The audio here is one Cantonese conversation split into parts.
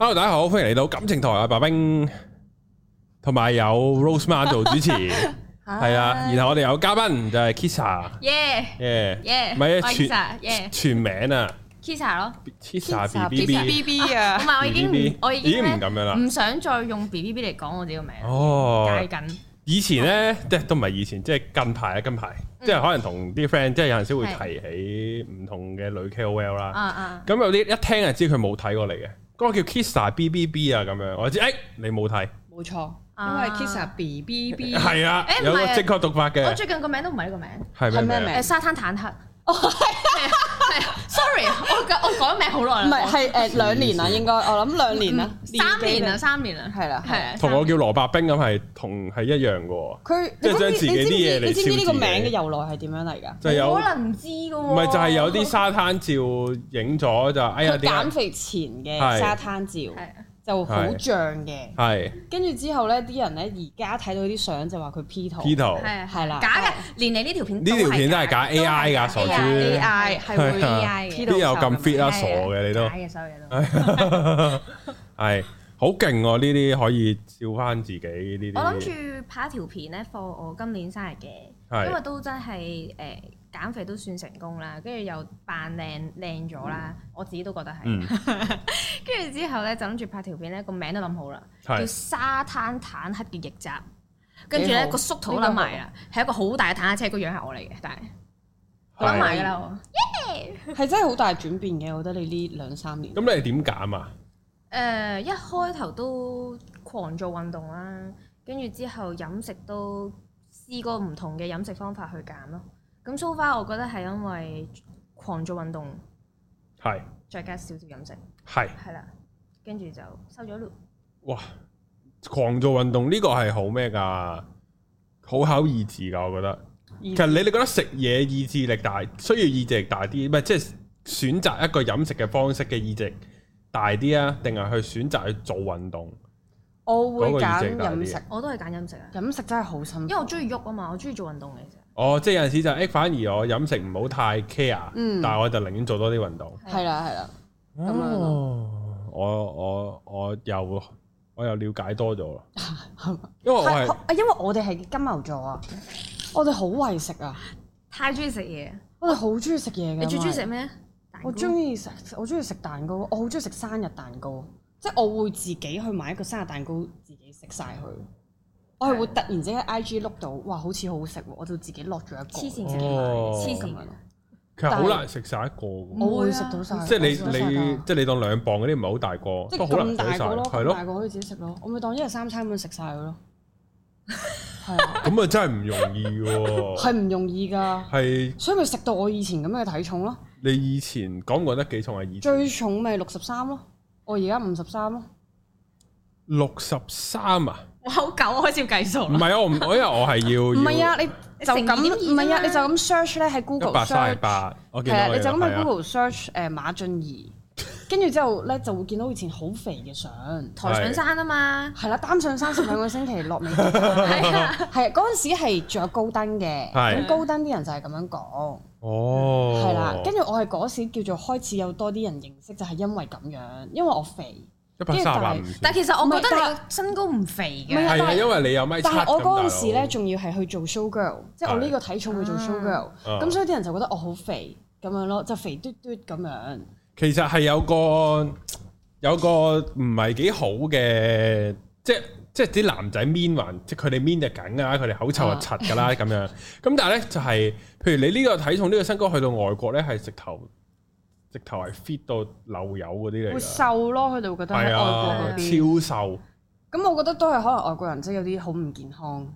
Hello 大家好，歡迎嚟到感情台啊！白兵同埋有 Rose Ma 做主持，係啊，然後我哋有嘉賓就係 Kisa，yeah，yeah 唔係啊，全名啊，Kisa 咯，Kisa B B B B B 啊，同埋我已經我已經唔咁樣啦，唔想再用 B B B 嚟講我哋個名哦，緊以前咧，即係都唔係以前，即係近排啊，近排即係可能同啲 friend 即係有陣時會提起唔同嘅女 K O L 啦，咁有啲一聽就知佢冇睇過你嘅。嗰個叫 Kisa B B B 啊，咁樣我知，誒你冇睇，冇錯，因為 Kisa B B B 係啊，有個正確讀法嘅，啊。我最近個名都唔係呢個名，係咩名？誒沙灘坦克。哦，係啊，係啊，sorry，我改我改名好耐啦，唔係係誒兩年啦，應該我諗兩年啦，三年啦，三年啦，係啦，係，同我叫羅伯冰咁係同係一樣嘅喎，佢即係將自己啲嘢嚟。你知唔知呢個名嘅由來係點樣嚟㗎？就有可能唔知嘅喎，唔係就係有啲沙灘照影咗就，哎呀，減肥前嘅沙灘照。就好脹嘅係。跟住之後咧，啲人咧而家睇到啲相就話佢 P 圖，P 圖係啦，假嘅。連你呢條片呢條片都係假，AI 噶傻豬。AI 係會 AI 嘅。邊有咁 fit 啊？傻嘅你都。係好勁喎！呢啲可以照翻自己呢啲。我諗住拍一條片咧，for 我今年生日嘅，因為都真係誒。減肥都算成功啦，跟住又扮靚靚咗啦，嗯、我自己都覺得係。跟住之後咧，就諗住拍條片咧，個名都諗好啦，是叫《沙灘坦克嘅逆襲》呢。跟住咧個縮圖都諗埋啦，係我一個好大嘅坦克車，個樣係我嚟嘅，但係諗埋噶啦，耶係真係好大轉變嘅。我覺得你呢兩三年咁 你點減啊？誒、呃，一開頭都狂做運動啦，跟住之後飲食都試過唔同嘅飲食方法去減咯。咁收翻，我覺得係因為狂做運動，係再加少少飲食，係係啦，跟住就收咗落。哇！狂做運動呢個係好咩㗎？好考意志㗎，我覺得。其實你哋覺得食嘢意志力大，需要意志力大啲，唔係即係選擇一個飲食嘅方式嘅意志力大啲啊？定係去選擇去做運動？我會揀飲食，我都係揀飲食啊！飲食真係好辛苦，因為我中意喐啊嘛，我中意做運動嘅。哦，即係有陣時就誒、是，反而我飲食唔好太 care、嗯、但係我就寧願做多啲運動。係啦係啦，咁樣、哦、我我我又我又瞭解多咗咯， 因為我係啊，因為我哋係金牛座啊，我哋好為食啊，太中意食嘢，我哋好中意食嘢嘅。你最中意食咩？我中意食，我中意食蛋糕，我好中意食生日蛋糕，即係我會自己去買一個生日蛋糕，自己食晒佢。我係會突然之間 I G 碌到，哇，好似好好食喎，我就自己落咗一個。黐線，自己買，黐線咁樣。其實好難食晒一個。我會食到晒！即係你你即係你當兩磅嗰啲唔係好大個，即係好大個咯，係咯，大個可以自己食咯。我咪當一日三餐咁食晒佢咯。係啊。咁啊真係唔容易喎。係唔容易㗎。係。所以咪食到我以前咁嘅體重咯。你以前講覺得幾重係以？最重咪六十三咯，我而家五十三咯。六十三啊！好久我開始要計數，唔係啊，我唔，因為我係要，唔係啊，你就咁，唔係啊，你就咁 search 咧喺 Google search，一百你就咁喺 Google search 誒馬俊兒，跟住之後咧就會見到以前好肥嘅相，抬上山啊嘛，係啦，擔上山成兩個星期落未，係啊，係啊，嗰陣時係著高登嘅，咁高登啲人就係咁樣講，哦，係啦，跟住我係嗰時叫做開始有多啲人認識就係因為咁樣，因為我肥。一百卅五，但，但其實我覺得你身高唔肥嘅，係因為你有米。但係我嗰陣時咧，仲要係去做 show girl，即係、嗯、我呢個體重去做 show girl，咁、嗯、所以啲人就覺得我好肥咁樣咯，就肥嘟嘟咁樣。其實係有個有個唔係幾好嘅，即係即係啲男仔 mean 還，即係佢哋 mean 就梗噶啦，佢哋口臭又柒噶啦咁樣。咁但係咧就係、係，譬如你呢個體重呢、呢個身高去到外國咧係直頭。直頭係 fit 到流油嗰啲嚟，會瘦咯，佢哋會覺得外國嗰啲超瘦。咁我覺得都係可能外國人即係有啲好唔健康，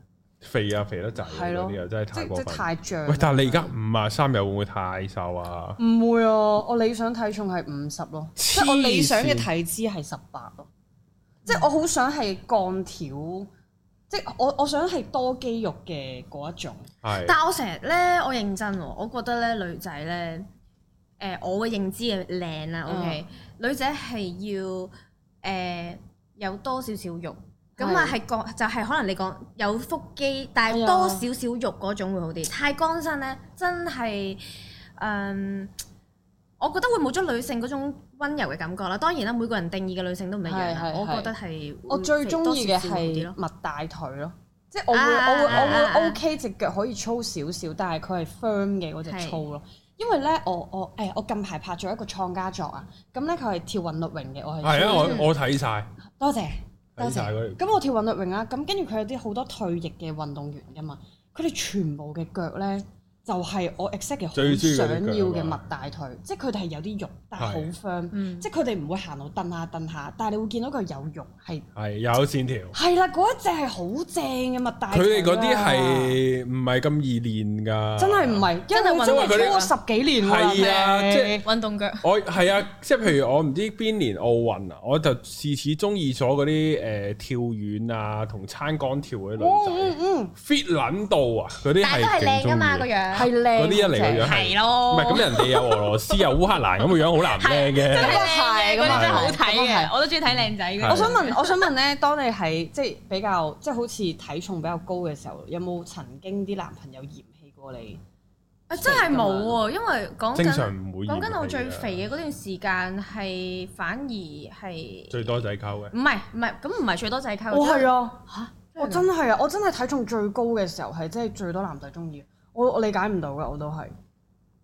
肥啊，肥得滯嗰啲真係太過分，太脹。喂，但係你而家五啊三又會唔會太瘦啊？唔會啊，我理想體重係五十咯，即係我理想嘅體脂係十八咯，即係我好想係鋼條，即係我我想係多肌肉嘅嗰一種。係，但係我成日咧，我認真，我覺得咧女仔咧。誒我嘅認知嘅靚啦，OK，女仔係要誒有多少少肉，咁啊係講就係可能你講有腹肌，但係多少少肉嗰種會好啲，太乾身咧真係誒，我覺得會冇咗女性嗰種溫柔嘅感覺啦。當然啦，每個人定義嘅女性都唔一樣，我覺得係我最中意嘅係襪大腿咯，即係我會我會我會 OK 隻腳可以粗少少，但係佢係 firm 嘅嗰隻粗咯。因為咧，我我誒、哎、我近排拍咗一個創家作啊，咁咧佢係跳韻律泳嘅，我係。係啊的後，我我睇晒，多謝，完多謝。咁我跳韻律泳啦，咁跟住佢有啲好多退役嘅運動員㗎嘛，佢哋全部嘅腳咧。就係我 exactly 好想要嘅麥大腿，即係佢哋係有啲肉，但係好 firm，即係佢哋唔會行路，蹬下蹬下，但係你會見到佢有肉，係係有線條，係啦，嗰一隻係好正嘅麥大腿，佢哋嗰啲係唔係咁易練㗎？真係唔係，真係中意咗十幾年喎。係啊，即係運動腳。我係啊，即係譬如我唔知邊年奧運啊，我就試試中意咗嗰啲誒跳遠啊同撐杆跳嗰啲女仔 fit 卵到啊，嗰啲係嘛，勁中意。係靚嗰啲一嚟嘅樣係咯，唔係咁人哋有俄羅斯有烏克蘭咁嘅樣好難靚嘅，真係嗰啲真係好睇嘅，我都中意睇靚仔嘅。我想問，我想問咧，當你係即係比較即係好似體重比較高嘅時候，有冇曾經啲男朋友嫌棄過你？啊，真係冇喎，因為講緊講緊我最肥嘅嗰段時間係反而係最多仔溝嘅，唔係唔係咁唔係最多仔溝。我係啊，嚇！我真係啊，我真係體重最高嘅時候係即係最多男仔中意。我我理解唔到噶，我都係。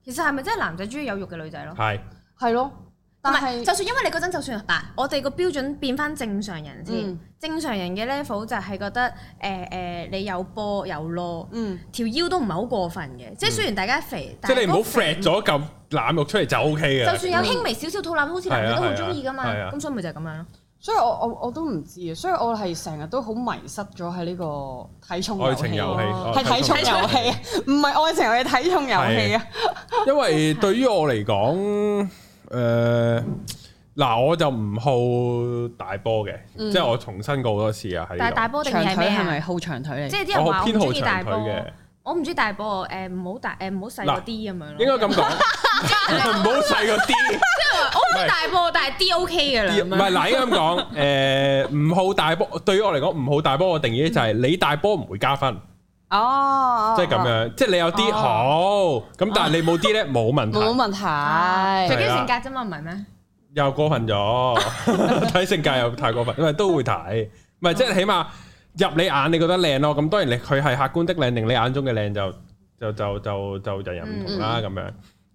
其實係咪真係男仔中意有肉嘅女仔咯？係係是 咯，但係就算因為你嗰陣，就算嗱、啊，我哋個標準變翻正常人先。嗯、正常人嘅 level 就係覺得誒誒、呃呃，你有波有攞，嗯、條腰都唔係好過分嘅。即係雖然大家肥，嗯、但係你唔好 fat 咗嚿腩肉出嚟就 OK 嘅。就算有輕微少少肚腩，好似、嗯、男人都好中意噶嘛，咁所以咪就係咁樣咯。所以我我我都唔知啊，所以我係成日都好迷失咗喺呢個體重遊戲，係體重遊戲，唔係愛情遊戲，體重遊戲啊。因為對於我嚟講，誒嗱，我就唔好大波嘅，即係我重新過好多次啊。係，但係大波定係咩係咪好長腿嚟？即係啲人話偏中大波嘅，我唔知大波。誒唔好大，誒唔好細個啲咁樣咯。應該咁講，唔好細個啲。我冇大波，但係啲 OK 噶啦。唔係，嗱，咁講，誒，唔好大波對於我嚟講，唔好大波嘅定義就係你大波唔會加分。哦，即係咁樣，即係你有啲好，咁但係你冇啲咧冇問題。冇問題，睇性格啫嘛，唔係咩？又過分咗，睇性格又太過分，因為都會睇，唔係即係起碼入你眼，你覺得靚咯。咁當然你佢係客觀的靚，定你眼中嘅靚就就就就就人人唔同啦。咁樣，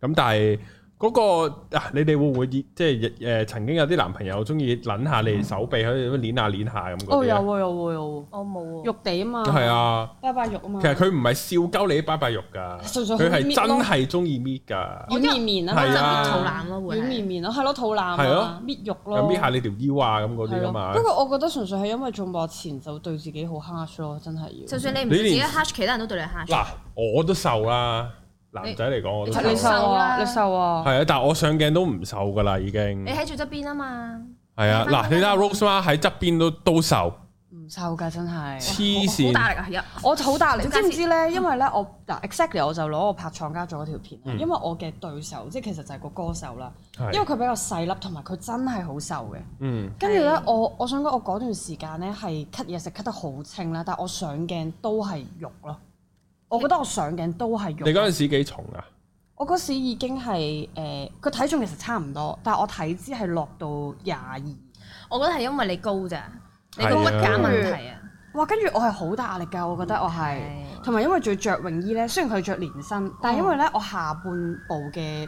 咁但係。嗰個啊，你哋會唔會即係誒，曾經有啲男朋友中意捻下你手臂，喺度捻下捻下咁嗰啲？哦，有啊，有喎，有喎，我冇喎，肉地啊嘛，係啊，拜拜肉啊嘛。其實佢唔係笑鳩你啲拜拜肉㗎，佢係真係中意搣㗎。軟綿綿啊嘛，就搣肚腩咯，會軟綿綿咯，係咯，肚腩啊，搣肉咯，搣下你條腰啊咁嗰啲㗎嘛。不過我覺得純粹係因為做幕前就對自己好 harsh 咯，真係要。就算你唔知自己 harsh，其他人都對你 harsh。嗱，我都瘦啦。男仔嚟講，我都覺得你瘦啊。你瘦啊？係啊，但係我上鏡都唔瘦噶啦，已經。你喺住側邊啊嘛。係啊，嗱，你睇下 Rose 喺側邊都都瘦。唔瘦㗎，真係黐線。好大力㗎，我好大力。你知唔知咧？因為咧，我嗱 Exactly，我就攞我拍廠家做嗰條片，因為我嘅對手，即係其實就係個歌手啦。因為佢比較細粒，同埋佢真係好瘦嘅。嗯。跟住咧，我我想講，我嗰段時間咧係 cut 嘢食 cut 得好清啦，但係我上鏡都係肉咯。我覺得我上鏡都係用。你嗰陣時幾重啊？我嗰時已經係誒，佢、呃、體重其實差唔多，但係我體脂係落到廿二。我覺得係因為你高咋？你個骨架問題啊！啊哇，跟住我係好大壓力㗎，我覺得我係，同埋 Okay. 因為仲要着泳衣咧。雖然佢着連身，但係因為咧我下半部嘅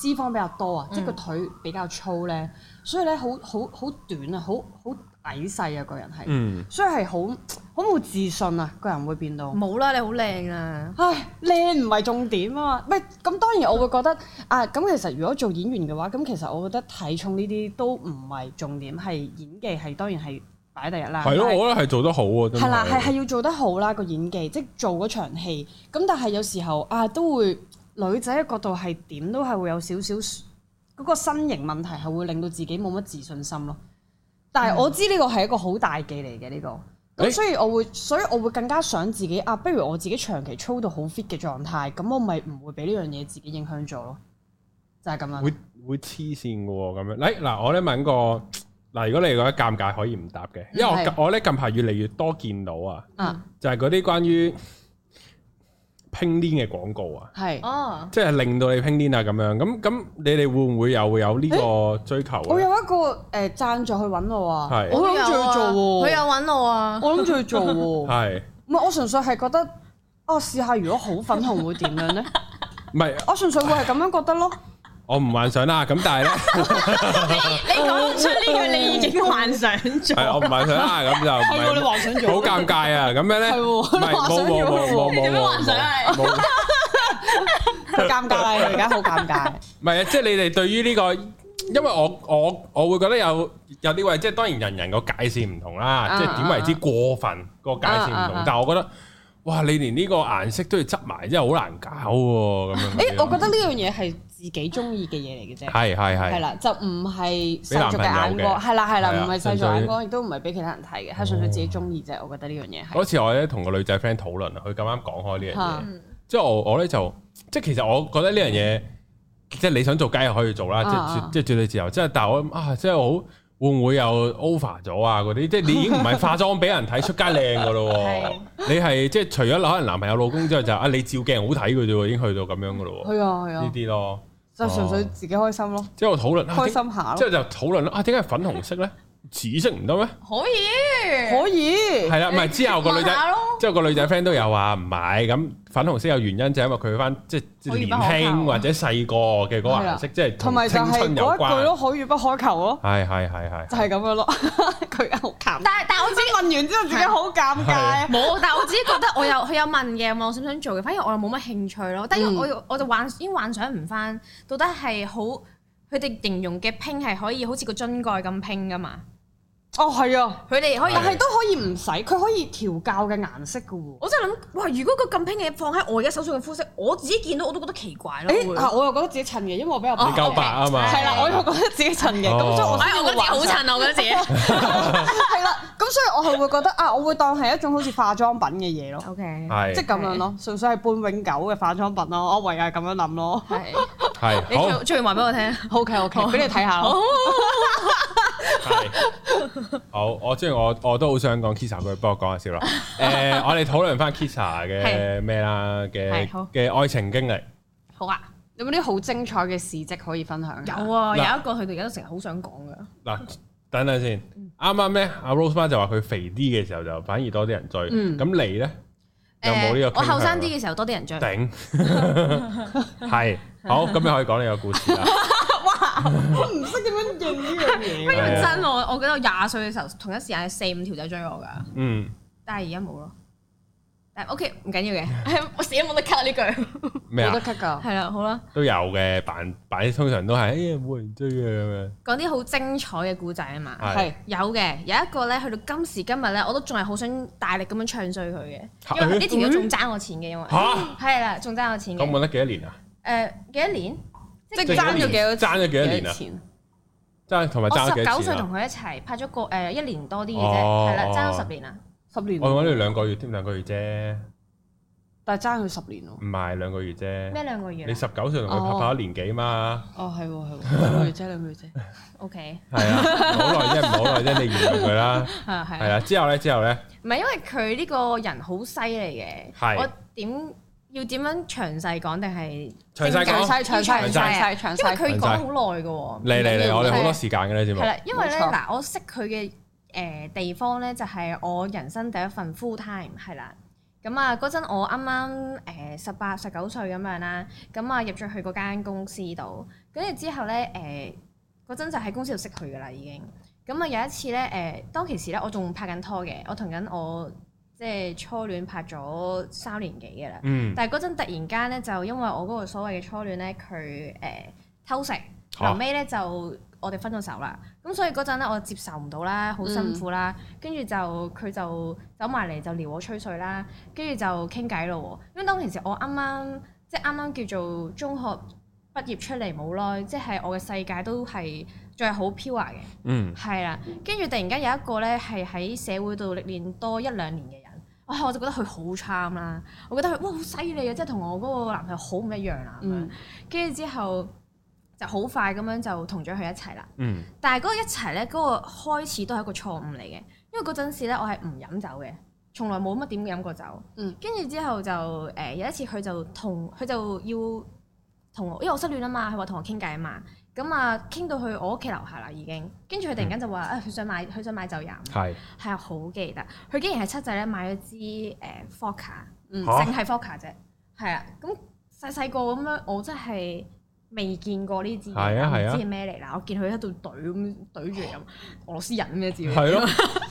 脂肪比較多啊，即係個腿比較粗咧，所以咧好好好短啊，好好。矮細啊，個人係，嗯、所以係好好冇自信啊，個人會變到冇啦，你好靚啊！唉，靚唔係重點啊嘛，咪咁當然我會覺得、嗯、啊，咁其實如果做演員嘅話，咁其實我覺得體重呢啲都唔係重點，係演技係當然係擺第一啦。係咯的，是我覺得係做得好喎。係啦，係係要做得好啦、個演技，即係做嗰場戲。咁但係有時候啊，都會女仔嘅角度係點都係會有少少嗰、嗰個身形問題，係會令到自己冇乜自信心咯。但係我知呢個係一個好大忌嚟嘅呢個，咁所以我會，你 所以我會，所以我會更加想自己啊，不如我自己長期操到好 fit 嘅狀態，咁我咪唔會俾呢樣嘢自己影響咗咯，就係咁啦。會會黐線嘅喎，咁樣嚟嗱，我咧問過嗱，如果你覺得尷尬可以唔答嘅，的因為我我咧近排越嚟越多見到啊，嗯、就係嗰啲關於。嗯拼 link 嘅廣告啊，係是，哦、即係令到你拼 link 啊咁樣，咁咁你哋會唔會有會有呢個追求啊、欸？我有一個誒贊助去揾我啊，是我諗住去做喎，佢有揾我啊，我諗住去做喎、啊，唔係我純粹係覺得啊試下如果好粉紅會點樣咧？唔係，我純粹、啊、嘗嘗會係咁樣， 是樣覺得咯。 我唔幻想啦，咁但係咧，你講出呢句，你已經幻想咗。係我唔幻想啦，咁就唔係我哋幻想咗。好尷尬啊！咁樣咧，係我幻想咗。唔係，冇冇冇冇冇冇，尷尬啊！而家好尷尬。唔係啊，即係你哋對於呢個，因為我我我會覺得有有啲位，即係當然人人個解釋唔同啦，即係點為之過分個解釋唔同，但係我覺得。哇！你連呢個顏色都要執埋，真係好難搞喎咁樣。誒，我覺得呢樣嘢係自己中意嘅嘢嚟嘅啫。係係係。係啦，就唔係世俗嘅眼光，係啦係啦，唔係世俗眼光，亦都唔係俾其他人睇嘅，係純粹自己中意啫。我覺得呢樣嘢。嗰次我咧同個女仔 friend 討論啊，佢咁啱講開呢樣嘢，即係我我咧就即係其實我覺得呢樣嘢，即係你想做雞又可以做啦，即係即係絕對自由。即係但係我啊，即係好。會唔會有 over 咗啊？嗰啲即係你已經唔係化妝俾人睇 出街靚噶咯， 你係即係除咗可能男朋友、老公之後就啊，你照鏡好睇嘅啫，已經去到咁樣噶 咯。係啊係啊，呢啲咯就純粹自己開心咯。之後我討論開心下咯，啊，之後就討論啊，點解係粉紅色咧？ 紫色唔得咩？可以，可以。係啦，唔係之後個女仔，之後個女仔 friend 都有話唔買咁。粉紅色有原因就係因為佢翻即係年輕或者細個嘅嗰個顏色，即係同埋青春有關咯。可遇不可求咯。係係係，就係咁樣咯，佢好尷尬。但係但係，我自己問完之後，自己好尷尬。冇，但係我自己覺得我有佢有問嘅，問我想唔想做嘅。反而我又冇乜興趣咯。但係我我就幻已經幻想唔翻，到底係好佢哋形容嘅拼係可以好似個樽蓋咁拼噶嘛？哦，係啊，佢哋可以，但係都可以唔使，佢可以調校嘅顏色嘅喎。我真係諗，哇！如果個咁偏嘅放喺我而家手上嘅膚色，我自己見到我都覺得奇怪咯。我又覺得自己襯嘅，因為我比較夠白啊嘛。係啦，我又覺得自己襯嘅。咁所以，我覺得自己好襯，我覺得自己。係啦，咁所以我係會覺得啊，我會當係一種好似化妝品嘅嘢咯。OK，即係咁樣咯，純粹係半永久嘅化妝品咯。我唯係咁樣諗咯。係。係。你出出嚟話俾我聽。OK，OK，俾你睇下。係，好，我即意係我，我都好想講 Kisa，s 佢幫我講下笑啦。誒、欸，我哋討論翻 Kisa s 嘅咩啦？嘅嘅愛情經歷。好啊，有冇啲好精彩嘅事跡可以分享？有啊，有一個佢哋而家都成日好想講㗎。嗱，等等先，啱啱咧，阿剛剛、嗯、Rose 媽就話佢肥啲嘅時候就反而多啲人追。咁、嗯、你咧、欸、有冇呢個？我後生啲嘅時候多啲人追。頂頂，係 好，咁你可以講你嘅故事啦。我唔識點樣認呢樣嘢。不過真我，我記得我廿歲嘅時候，同一時間係四五條仔追我㗎。嗯但。但、okay，係而家冇咯。但係 OK，唔緊要嘅。我死都冇得 cut 呢句。咩冇、啊、得 cut 㗎。係啦，好啦。都有嘅，扮扮通常都係，冇、欸、人追嘅。咁樣。講啲好精彩嘅故仔啊嘛。係是。有嘅，有一個咧，去到今時今日咧，我都仲係好想大力咁樣唱衰佢嘅，因為呢條嘢仲爭我錢嘅，因為嚇。係啦、啊，仲爭我錢嘅。咁問得幾多年啊？誒，幾多年？多即係爭咗幾多？爭咗幾多年啊？爭同埋爭幾多年啊？十九歲同佢一齊拍咗個誒一年多啲嘅啫，係啦，爭咗十年啊！十年我諗都要兩個月添，兩個月啫。但係爭佢十年喎。唔係兩個月啫。咩兩個月？你十九歲同佢拍拍一年幾嘛？哦，係喎，係喎，兩個月啫，兩個月啫。O K。係啊，好耐啫，唔好耐啫，你完咗佢啦。係啊，係啊。之後咧，之後咧。唔係因為佢呢個人好犀利嘅，我點？要點樣詳細講定係？詳細講，因為佢講好耐㗎喎。嚟嚟嚟，我哋好多時間嘅咧，知嘛？係啦，因為咧嗱，我識佢嘅誒地方咧，就係我人生第一份 full time 係啦。咁啊，嗰陣我啱啱誒十八十九歲咁樣啦，咁啊入咗去嗰間公司度，跟住之後咧誒，嗰陣就喺公司度識佢㗎啦已經。咁啊有一次咧誒，當其時咧我仲拍緊拖嘅，我同緊我，即係初戀拍咗三年幾嘅啦，嗯、但係嗰陣突然間咧，就因為我嗰個所謂嘅初戀咧，佢誒、呃、偷食，後尾咧、啊、就我哋分咗手啦。咁所以嗰陣咧，我接受唔到啦，好辛苦啦。跟住、嗯、就佢就走埋嚟就撩我吹水啦，跟住就傾偈咯。因為當其時我啱啱即係啱啱叫做中學畢業出嚟冇耐，即、就、係、是、我嘅世界都係最係好飄啊嘅，係啦、嗯。跟住突然間有一個咧係喺社會度歷練多一兩年嘅啊、我就覺得佢好 charm 啦，我覺得佢哇好犀利啊，即係同我嗰個男朋友好唔一樣啦，跟住之後就好快咁樣就同咗佢一齊啦。嗯、但係嗰個一齊咧，嗰、嗰個開始都係一個錯誤嚟嘅，因為嗰陣時咧我係唔飲酒嘅，從來冇乜點飲過酒。跟住、嗯、之後就誒有一次佢就同佢就要同我，因、哎、為我失戀啊嘛，佢話同我傾偈啊嘛。咁啊，傾到去我屋企樓下啦已經，跟住佢突然間就話，啊佢想買佢想買酒飲，係啊是，好記得，佢竟然係七仔咧買咗支誒伏卡，淨係伏卡啫，係啊，咁細細個咁樣，我，我真係未見過呢支嘢，啊的，唔知係咩嚟嗱，的我見佢喺度懟咁懟住飲俄羅斯人咩字？係咯，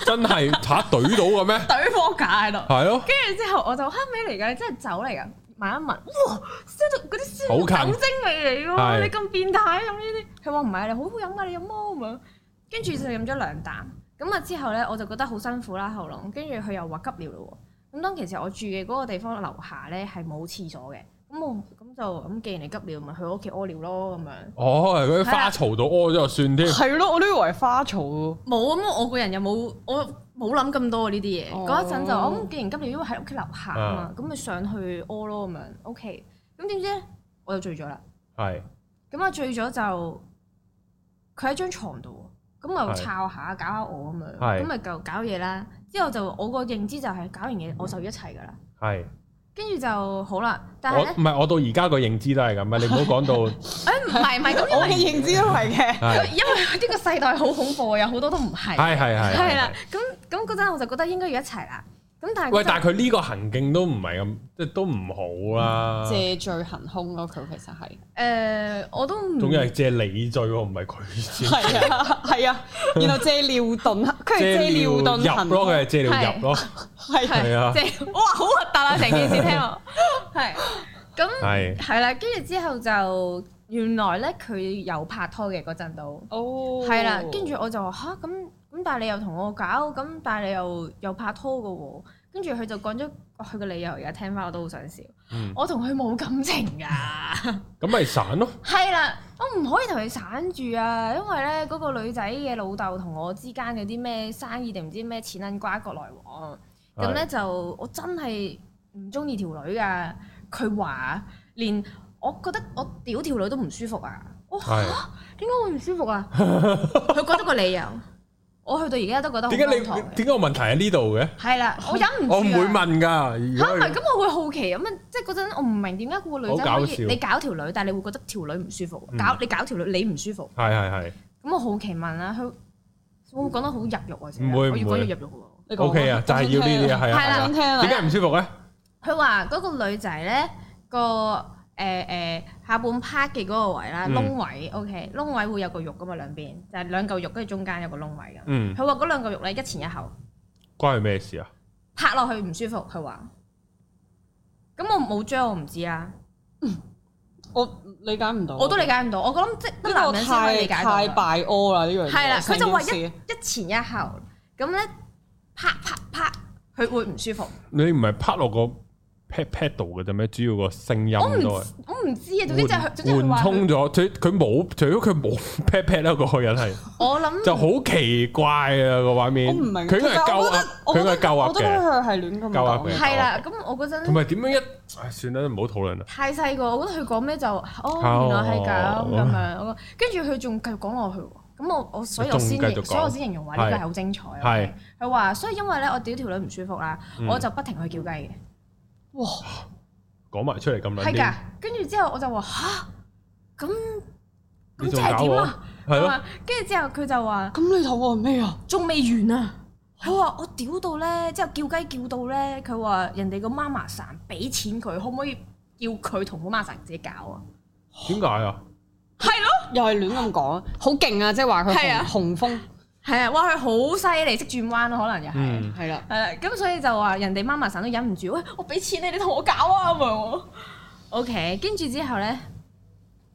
真係嚇懟到嘅咩？懟伏卡喺度，係咯的，跟住之後我就黑尾嚟㗎？你真係走嚟㗎？聞一聞，哇！燒到嗰啲燒酒精味嚟㗎喎，你咁變態咁呢啲？佢話唔係你好好飲㗎，你飲摩咁樣。跟住就飲咗兩啖，咁啊之後咧我就覺得好辛苦啦喉嚨，跟住佢又話急尿咯喎。咁當其實我住嘅嗰個地方樓下咧係冇廁所嘅，咁我。就咁，既然你急尿，咪去我屋企屙尿咯咁樣。哦，嗰啲花槽度屙咗就算添。係咯，我都以為係花槽。冇咁，我個人又冇，我冇諗咁多呢啲嘢。嗰、哦、一陣就咁，既然急尿，因為喺屋企樓下啊嘛，咁咪、嗯、上去屙咯咁樣。OK，咁點知咧，我就醉咗啦。係是。咁我醉咗就佢喺張床度，咁咪抄下搞下我咁樣，咁咪是就搞嘢啦。之後就我個認知就係搞完嘢我就要一齊噶啦。係是。是跟住就好啦，但係咧，唔係我，我到而家個認知都係咁啊！你唔好講到，誒唔係唔係， 咁我嘅認知都係嘅， 因為呢個世代好恐怖，有好多都唔係，係係係，係啦，咁咁嗰陣我就覺得應該要一齊啦。喂，但係佢呢個行徑都唔係咁，即係都唔好啦。借罪行凶咯，佢其實係。誒，我都。總之係借你罪喎，唔係佢借。係啊，係啊。然後借尿遁佢係借尿遁行咯，佢係借尿入咯。係係啊。借，哇！好核突啊，成件事聽落。係。咁係啦，跟住之後就原來咧，佢有拍拖嘅嗰陣度。哦。係啦，跟住我就話吓，咁咁，但係你又同我搞，咁但係你又有拍拖嘅喎。跟住佢就講咗佢個理由，而家聽返我都好想笑。嗯、我同佢冇感情噶，咁咪、 嗯、散咯、啊。係啦， 我唔可以同佢散住啊，因為咧嗰個女仔嘅老豆同我之間有啲咩生意定唔知咩錢銀瓜葛來往。咁咧的就我真係唔中意條女噶。佢話連我覺得我屌條女都唔舒，啊、舒服啊。哇是的，點解會唔舒服啊？佢講咗個理由。我去到而家都覺得點解你點解我問題喺呢度嘅？係啦，我忍唔住啊！我唔會問㗎吓，唔係咁我會好奇啊！咁咩即係嗰陣我唔明點解個女仔可以你搞條女，但係你會覺得條女唔舒服，搞你搞條女你唔舒服。係係係。咁我好奇問啦，佢我會講得好入肉啊，唔會唔會越講越入肉喎。OK 啊，就係要呢啲啊，係係啦。點解唔舒服咧？佢話嗰個女仔咧個。誒誒、呃、下半 part 嘅嗰個位啦，窿、嗯、位，OK，窿位會有個肉㗎嘛兩邊，就係、是、兩嚿肉，跟住中間有個窿位㗎。嗯，佢話嗰兩嚿肉咧一前一後，關佢咩事啊？拍落去唔舒服，佢話。咁我冇追，我唔知啊。嗯、我理解唔到。我都理解唔到，我覺得即係啲男人先可以理解到呢、這個太太拜屙啦呢樣嘢。係啦，佢就話一一前一後，咁咧拍拍拍，佢會唔舒服。你唔係拍落、嗰個？pat pat 度嘅啫咩？主要個聲音我唔我唔知啊！總之就換換充咗，佢佢冇，除咗佢冇 pat pat 啦，個人係我諗就好奇怪啊個畫面，我唔明佢應該係鳩啊，佢應該係鳩啊嘅，係啦。咁我嗰陣同埋點樣一唉，算啦，唔好討論啦。太細個，我覺得佢講咩就哦，原來係咁咁樣。跟住佢仲繼續講落去，咁我我所以我先所以我先形容話呢個係好精彩。係佢話，所以因為咧，我屌條女唔舒服啦，我就不停去叫雞嘅。哇，講埋出嚟咁難係噶，跟住之後我就話吓，咁咁即係點啊？係咯，跟住的之後佢就話，咁你頭話咩啊？仲未完啊！佢話 我屌到咧，之後叫雞叫到咧，佢話人哋個媽媽生俾錢佢，可唔可以叫佢同個媽媽生自己搞啊？點解 的啊？係囉，又係亂咁講，好勁啊！即係話佢係呀雄風。係啊，哇！佢好犀利，識轉彎咯，可能又係。係啦、嗯。係啦、啊，咁所以就話人哋媽媽神都忍唔住，喂，我俾錢你，你同我搞啊咁樣喎。O K，跟住之後咧，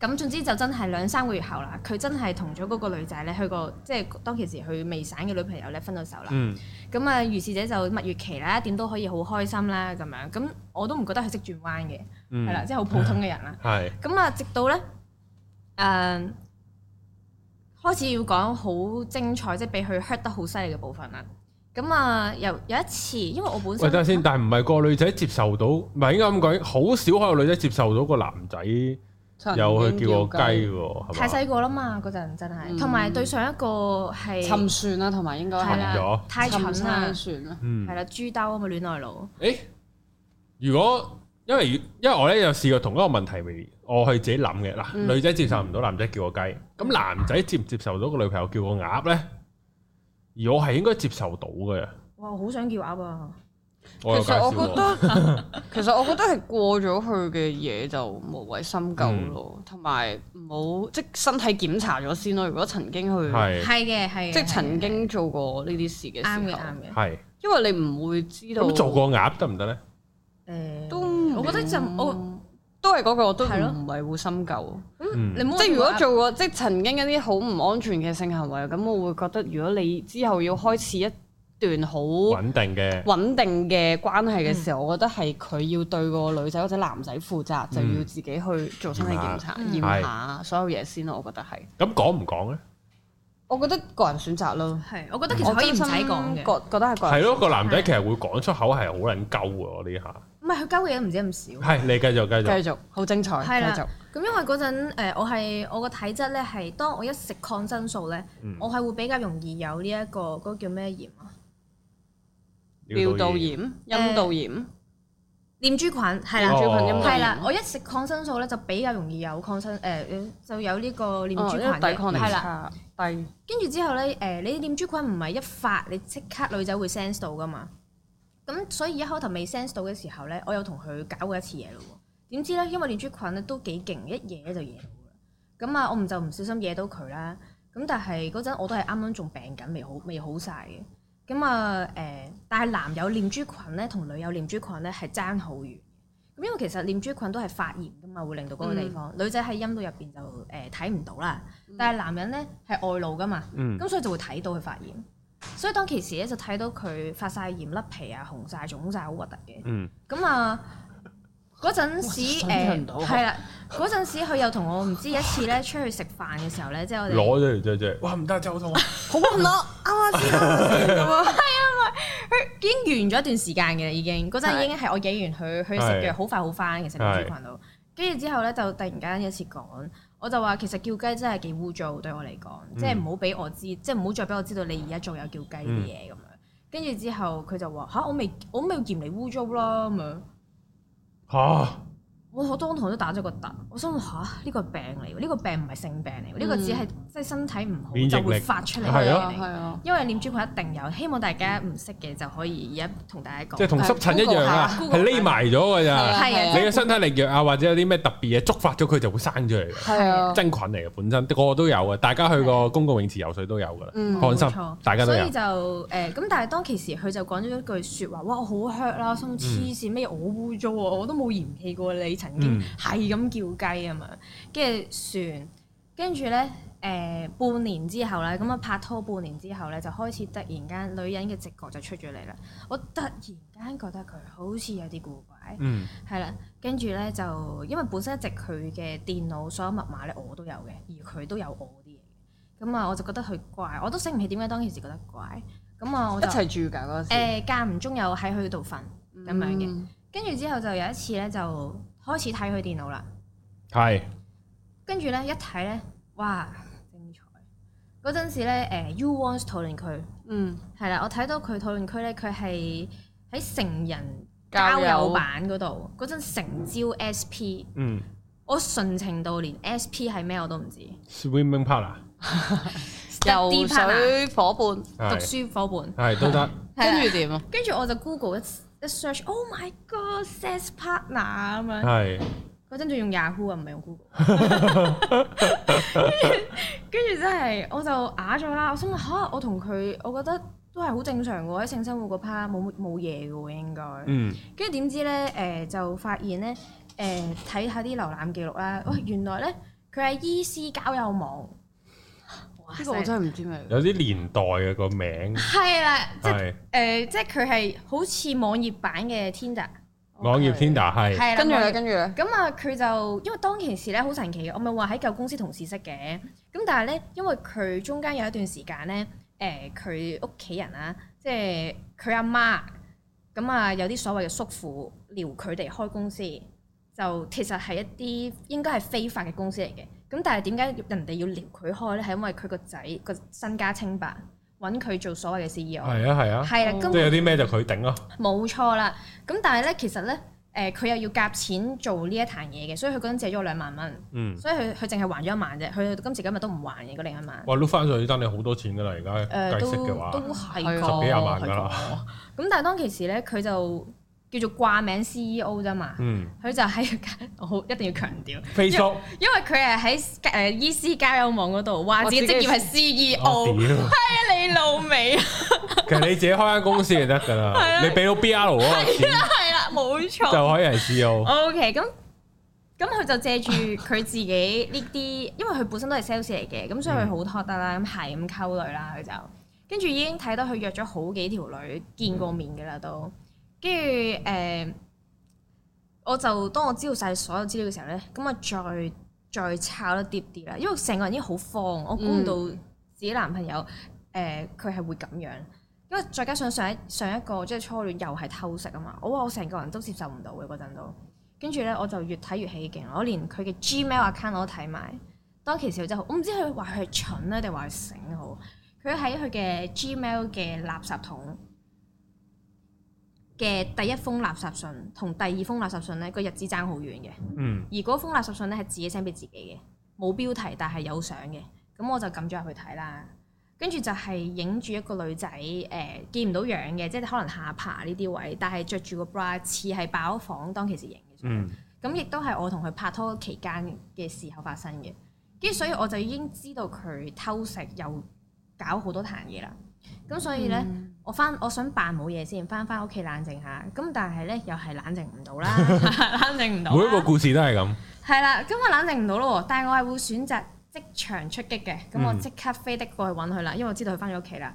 咁總之就真係兩三個月後啦，佢真係同咗嗰個女仔咧去個，即、就、係、是、當其時佢未散嘅女朋友咧分咗手啦。咁啊、嗯，如是者就蜜月期啦，點都可以好開心啦，咁樣。咁我都唔覺得佢識轉彎嘅，係啦、嗯，即係好普通嘅人啦。係、嗯。咁啊，直到咧，誒、呃。開始要講好精彩，即係俾佢 hurt 得好犀利嘅部分啦。咁啊，有有一次，因為我本身，喂，等下先，但係唔係個女仔接受到，唔係應該咁講，好少有女仔接受到個男仔有去叫我雞喎。雞吧太細個啦嘛，嗰陣真係，同埋、嗯、對上一個係沉船啦，同埋應該係了太蠢啦，沉船啦，係啦，豬兜啊嘛，戀愛佬。誒、嗯欸，如果因為，因為我咧有試過同一個問題咪，我係自己諗嘅嗱，女仔接受唔到男仔叫個雞，咁男仔接唔接受到個女朋友叫個鴨咧？而我係應該接受到嘅。哇，好想叫鴨啊！其實我覺得，其實我覺得係過咗去嘅嘢，就無謂深究咯，同埋唔好即係身體檢查咗先咯。如果曾經去係嘅係，即係曾經做過呢啲事嘅，啱嘅啱嘅係，因為你唔會知道。咁做過鴨得唔得咧？誒，都我覺得就我都係嗰句我都係咯，唔係會深究。咁你即係如果做過，即係曾經嗰啲好唔安全嘅性行為，咁我會覺得，如果你之後要開始一段好穩定嘅穩定嘅關係嘅時候，我覺得係佢要對個女仔或者男仔負責，就要自己去做身體檢查，驗下所有嘢先咯。我覺得係。咁講唔講咧？我覺得個人選擇咯，係。我覺得其實可以唔使講嘅，覺覺得係個人係咯。個男仔其實會講出口係好撚鳩嘅，呢下。唔係佢交嘅嘢唔知咁少。係，你繼續繼續。繼續，好精彩。係啦的，咁續因為嗰陣我係我個體質咧，係當我一食抗生素咧，嗯、我係會比較容易有呢、這、一個嗰、那個叫咩炎啊？尿道炎、陰道炎、念珠菌係啦，係啦、哦，我一食抗生素咧，就比較容易有抗生素、呃、就有呢個念珠菌係啦，低、哦。跟、這、住、個、了對之後咧，誒，你念珠菌唔係一發，你即刻女仔會 sense 到噶嘛？咁、嗯、所以一開頭未 sense 到嘅時候咧，我有同佢搞過一次嘢咯喎。點知咧，因為念珠菌咧都幾勁，一惹就惹到嘅。咁、嗯、啊，我唔就唔小心惹到佢啦。咁、嗯、但係嗰陣我都係啱啱仲病緊，未好未好曬嘅。咁啊誒，但係男友念珠菌咧同女友念珠菌咧係爭好遠嘅。咁因為其實念珠菌都係發炎噶嘛，會令到嗰個地方、嗯、女仔喺陰道入邊就誒睇唔到啦。但係男人咧係外露噶嘛，咁所以就會睇到佢發炎。嗯所以當其時咧，就睇到佢發晒炎、甩皮啊、紅曬、腫曬，好核突嘅。嗯。咁啊，嗰陣時誒，係啦，嗰陣時佢又同我唔知一次咧出去食飯嘅時候咧，即係我哋攞咗嚟啫啫。哇！唔得，周痛。好攞啊！黐線咁啊！係啊！咪佢已經完咗一段時間嘅啦，已經嗰陣已經係我影完佢，佢食藥好快好返，其實啲豬羣都。跟住之後咧，就突然間一次講。我就話其實叫雞真係幾污糟，對我嚟講，嗯、即係唔好俾我知，嗯、即係唔好再俾我知道你而家仲有叫雞啲嘢咁樣。跟住之後佢就話吓？我未我咪要嫌你污糟啦咁樣。嚇！啊我當堂都打咗個突，我想嚇呢個病嚟，呢個病唔係性病嚟，呢個只係即係身體唔好就會發出嚟嘅嘢啊，免疫力係啊，因為念珠菌一定有，希望大家唔識嘅就可以而家同大家講。即係同濕疹一樣啊，係匿埋咗㗎咋。你嘅身體力弱啊，或者有啲咩特別嘢觸發咗佢就會生出嚟嘅。係啊，真菌嚟嘅，本身個個都有啊，大家去個公共泳池游水都有㗎啦，放心，大家都有。所以就誒咁，但係當其時佢就講咗一句説話，哇我好 hurt 啦，心黐線咩？我污糟啊，我都冇嫌棄過你。曾經係咁叫雞吖嘛，跟住船，跟住咧誒半年之後咧，咁啊拍拖半年之後咧，就開始突然間女人嘅直覺就出咗嚟啦。我突然間覺得佢好似有啲古怪，係啦、嗯，跟住咧就因為本身一直佢嘅電腦所有密碼咧，我都有嘅，而佢都有我啲嘢，咁啊我就覺得佢怪，我都醒唔起點解當其時覺得怪。咁啊，我一齊住㗎嗰時誒間唔中有喺佢度瞓咁樣嘅，跟住之後就有一次咧就。開始睇佢電腦啦，係是。跟住咧一睇咧，哇精彩！嗰陣時咧，誒 Uwants 討論區，嗯，係啦，我睇到佢討論區咧，佢係喺成人交友版嗰度，嗰陣友成招 SP，嗯，我純情到連 SP 係咩我都唔知。Swimming partner，游泳夥伴， 讀書伙伴，係都得。的 跟住點？ 跟住我就 Google 一次。一 search，oh my god，sex partner 咁樣。係是。嗰陣仲用 Yahoo 啊，唔係用 Google。跟住，跟住真係我就啞咗啦。我心想問嚇，我同佢，我覺得都係好正常喎。喺性生活嗰 part 冇冇嘢嘅喎，應該。嗯。跟住點知咧？誒、呃、就發現咧，誒睇下啲瀏覽記錄啦。喂、哦，原來咧佢喺醫師交友網。呢哇個我真係唔知咩，有啲年代嘅個名係啦，即係誒、呃，即係佢係好似網頁版嘅 Tinder，網頁 Tinder 係，跟住咧，的跟住咧，咁啊，佢就因為當其時咧好神奇嘅，我咪話喺舊公司同事識嘅，咁但係咧，因為佢中間有一段時間咧，誒、呃，佢屋企人啊，即係佢阿媽，咁啊，有啲所謂嘅叔父撩佢哋開公司，就其實係一啲應該係非法嘅公司嚟嘅。咁但係點解人哋要撩佢開咧？係因為佢個仔個身家清白，揾佢做所謂嘅 CEO。係啊係啊，係啊，即係、啊、本有啲咩就佢頂咯、啊。冇錯啦。咁但係咧，其實咧，誒佢又要夾錢做呢一壇嘢嘅，所以佢嗰陣借咗兩萬蚊。嗯。所以佢佢淨係還咗一萬啫，佢今時今日都唔還嘅嗰另一萬。喂，碌翻上去爭你好多錢㗎啦，而家計息嘅話，都，都係係十幾廿萬㗎啦。咁 但係當其時咧，佢就。叫做掛名 CEO 啫嘛，佢、嗯、就喺、是、好 一定要強調。Facebook 因為佢係喺 EC 交友網嗰度，話自己職業係 CEO。係啊、 哎，你老味啊！其實你自己開間公司就得噶啦， 了你俾到 B R 嗰個錢。係啦，係啦，冇錯。 就可以係 CEO、okay。O K，咁咁佢就借住佢自己呢啲， 因為佢本身都係 sales 嚟嘅，咁所以佢好 talk 得啦，咁係咁溝女啦，佢就跟住已經睇到佢約咗好幾條女見過面嘅啦，都、嗯。跟住誒，我就當我知道晒所有資料嘅時候咧，咁我再再抄一啲啲啦，因為成個人已經好慌，嗯、我估唔到自己男朋友誒佢係會咁樣，因為再加上上一上一個即係初戀又係偷食啊嘛，我話我成個人都接受唔到嘅。嗰陣都，跟住咧我就越睇越起勁，我連佢嘅 Gmail account 我都睇埋，當其時真係好我唔知佢話佢係蠢咧定話係醒好，佢喺佢嘅 Gmail 嘅垃圾桶，嘅第一封垃圾信同第二封垃圾信咧個日子爭好遠嘅，嗯、而嗰封垃圾信咧係自己 send 俾自己嘅，冇標題，但係有相嘅，咁我就撳咗入去睇啦，跟住就係影住一個女仔誒、呃、見唔到樣嘅，即係可能下巴呢啲位，但係着住個 bra 似係爆房當其時影嘅，咁亦都係我同佢拍拖期間嘅時候發生嘅，跟住所以我就已經知道佢偷食又搞好多壇嘢啦。咁所以咧、嗯，我翻我想扮冇嘢先，翻翻屋企冷靜下。咁但係咧，又係冷靜唔到啦， 冷靜唔到。每一個故事都係咁。係啦，咁我冷靜唔到咯，但係我係會選擇即場出擊嘅。咁我即刻飛的過去揾佢啦，因為我知道佢翻咗屋企啦。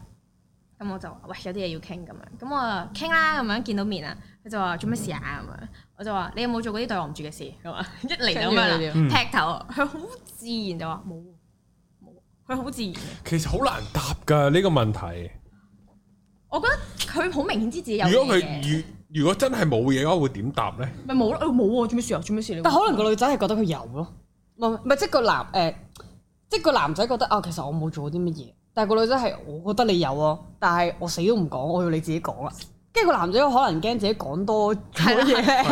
咁、嗯、我就話喂，有啲嘢要傾，咁樣，咁我傾啦咁樣，見到面啊，佢就話做咩事啊咁樣，我就話你有冇做嗰啲對我唔住嘅事佢話，一嚟到咪啦，劈頭佢好自然就話冇。佢好自然。其實好難答㗎呢個問題。我覺得佢好明顯知自己有嘢。如果佢如如果真係冇嘢嘅話，會點答咧？咪冇咯，冇、哦、啊！做咩事做、啊、咩事、啊？但可能個女仔係覺得佢有咯，咪即個男誒，即、欸、個、就是、男仔覺得啊、哦，其實我冇做啲乜嘢。但個女仔係我覺得你有啊，但係我死都唔講，我要你自己講啦。跟住個男仔可能驚自己講多咗嘢，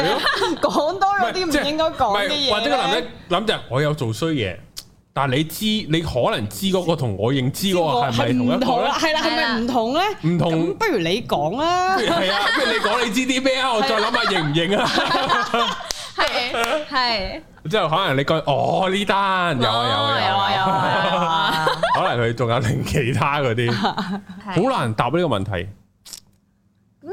講多咗啲唔應該講嘅嘢咧。或者個男仔諗住我有做衰嘢。但係你知，你可能知嗰個同我認知個係咪同一個咧？係啦，係咪唔同咧？唔同，不如你講啊！係啊，不如你講你知啲咩啊？我再諗下認唔認啊？係係。之後可能你講哦呢單有啊有啊有啊有啊，可能佢仲有另其他嗰啲，好難答呢個問題。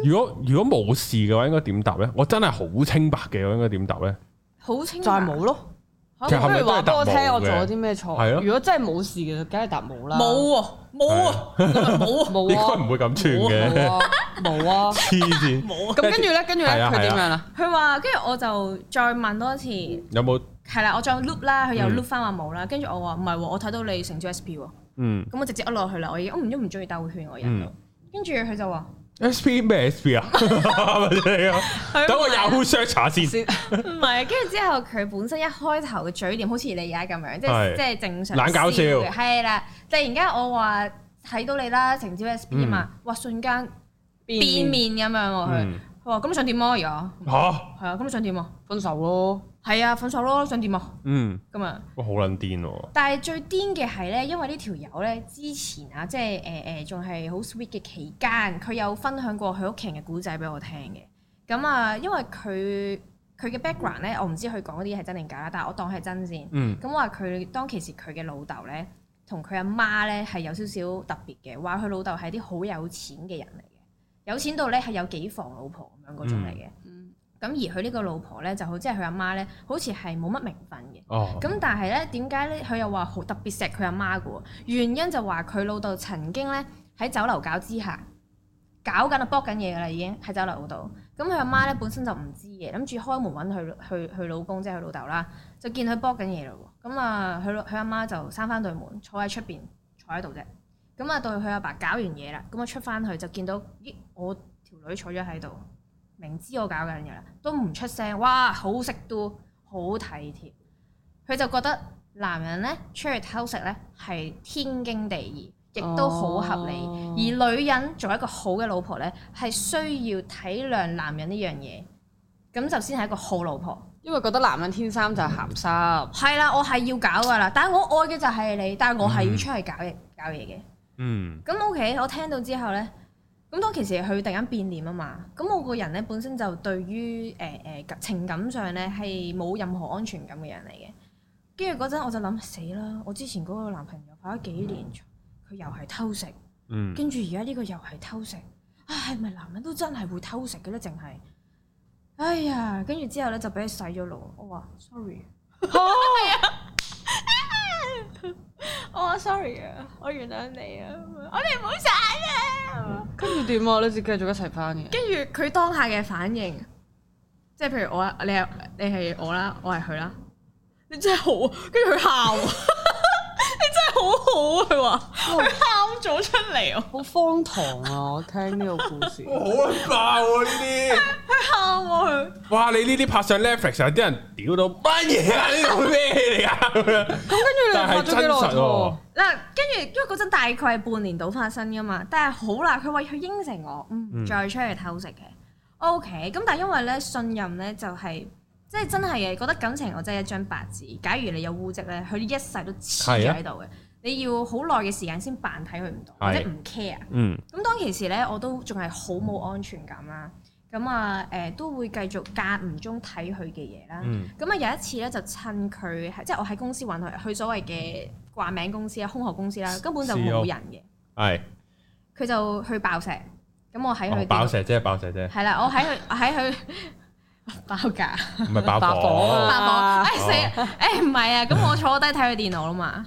如果如果冇事嘅話，應該點答咧？我真係好清白嘅，我應該點答咧？好清白，就係冇咯。不如話俾我聽我做咗啲咩錯？係咯，如果真係冇事嘅，梗係答冇啦。冇喎，冇啊，咁咪冇。冇啊，應該唔會咁串嘅。冇啊，黐線。冇啊，咁跟住咧，跟住咧，佢點樣啊？佢話跟住我就再問多一次。有冇？係啦，我再 loop 啦，佢又 loop 翻話冇啦。跟住我話唔係喎，我睇到你成張 S P 喎。嗯。咁我直接厄落去啦，我已我唔中唔中意兜圈我人跟住佢就話。S.P. 咩 S.P. 啊？啊， 等我 Yahoo search 下先是。唔係，跟住之後佢本身一開頭嘅嘴臉好似你而家咁樣，即係即係正常。冷搞笑。係啦，突然間我話睇到你啦，成招 S.P. 嘛，哇！瞬間變面咁樣喎，佢話：咁你想點啊？如果、嗯？」吓？係啊，咁你想點啊？啊啊分手咯！係啊，分手咯，想點啊？嗯，咁啊樣，哇，好撚癲喎！但係最癲嘅係咧，因為呢條友咧之前啊，即係誒誒，仲係好 sweet 嘅期間，佢有分享過佢屋企人嘅故仔俾我聽嘅。咁啊，因為佢佢嘅 background 咧，我唔知佢講嗰啲係真定假，但係我當係真先。嗯。咁話佢當其時佢嘅老豆咧，同佢阿媽咧係有少少特別嘅，話佢老豆係啲好有錢嘅人嚟嘅，有錢到咧係有幾房老婆咁樣嗰種嚟嘅。嗯咁而佢呢個老婆咧，就好即係佢阿媽咧，好似係冇乜名分嘅。哦。咁但係咧，點解咧？佢又話好特別錫佢阿媽噶喎。原因就話佢老豆曾經咧喺酒樓搞之下，搞緊啊卜緊嘢噶啦已經喺酒樓度。咁佢阿媽咧本身就唔知嘅，諗住開門揾佢佢佢老公即係佢老豆啦，就見佢卜緊嘢嘞喎。咁啊，佢佢阿媽就閂翻對門，坐喺出邊坐喺度啫。咁啊，到佢阿爸搞完嘢啦，咁啊出翻去就見到咦，我條女坐咗喺度。明知我搞緊嘢啦，都唔出聲。哇，好食都好體貼，佢就覺得男人咧出去偷食咧係天經地義，亦都好合理。哦、而女人做一個好嘅老婆咧，係需要體諒男人呢樣嘢，咁就先係一個好老婆。因為覺得男人天生就係鹹濕。係啦、嗯啊，我係要搞㗎啦，但係我愛嘅就係你，但係我係要出去搞嘢，搞嘢嘅。嗯。咁、嗯、OK，我聽到之後咧。咁當其時佢突然間變臉啊嘛，咁我個人咧本身就對於誒誒、呃呃、情感上咧係冇任何安全感嘅人嚟嘅。跟住嗰陣我就諗死啦，我之前嗰個男朋友拍咗幾年，佢又係偷食，跟住而家呢個又係偷食，啊係咪男人都真係會偷食嘅咧？淨係，哎呀，跟住之後咧就俾佢洗咗腦，我話 sorry。我話、oh, sorry 啊，我原諒你啊，我哋唔好爭啊。嗯、跟住點啊？你哋繼續一齊翻嘅？跟住佢當下嘅反應，即係譬如我啊，你係你係我啦，我係佢啦，你真係好啊！跟住佢喊好、喔、好，佢話佢喊咗出嚟啊！好荒唐啊！我聽呢個故事，好狠爆啊！呢啲佢喊佢哇！你呢啲拍上 Netflix 啊！啲人屌到班嘢啊！呢個咩戲嚟啊？咁跟住你拍咗幾耐嗱，跟住因為嗰陣大概係半年度發生噶嘛，但係好啦，佢話佢應承我、嗯，再出嚟偷食嘅，OK。咁但係因為咧信任咧就係即係真係嘅，覺得感情我真係一張白紙。假如你有污跡咧，佢一世都黐喺度嘅。嗯你要好耐嘅時間先扮睇佢唔到，或者唔 care。嗯，咁當其時咧，我都仲係好冇安全感啦。咁啊，誒都會繼續間唔中睇佢嘅嘢啦。咁啊，有一次咧就趁佢，即係我喺公司搵佢，佢所謂嘅掛名公司啊、空殼公司啦，根本就冇人嘅。係。佢就去爆石，咁我喺佢。爆石即係爆石啫。係啦，我喺佢喺佢爆架，唔係爆火，爆火誒死誒唔係啊！咁我坐低睇佢電腦啦嘛。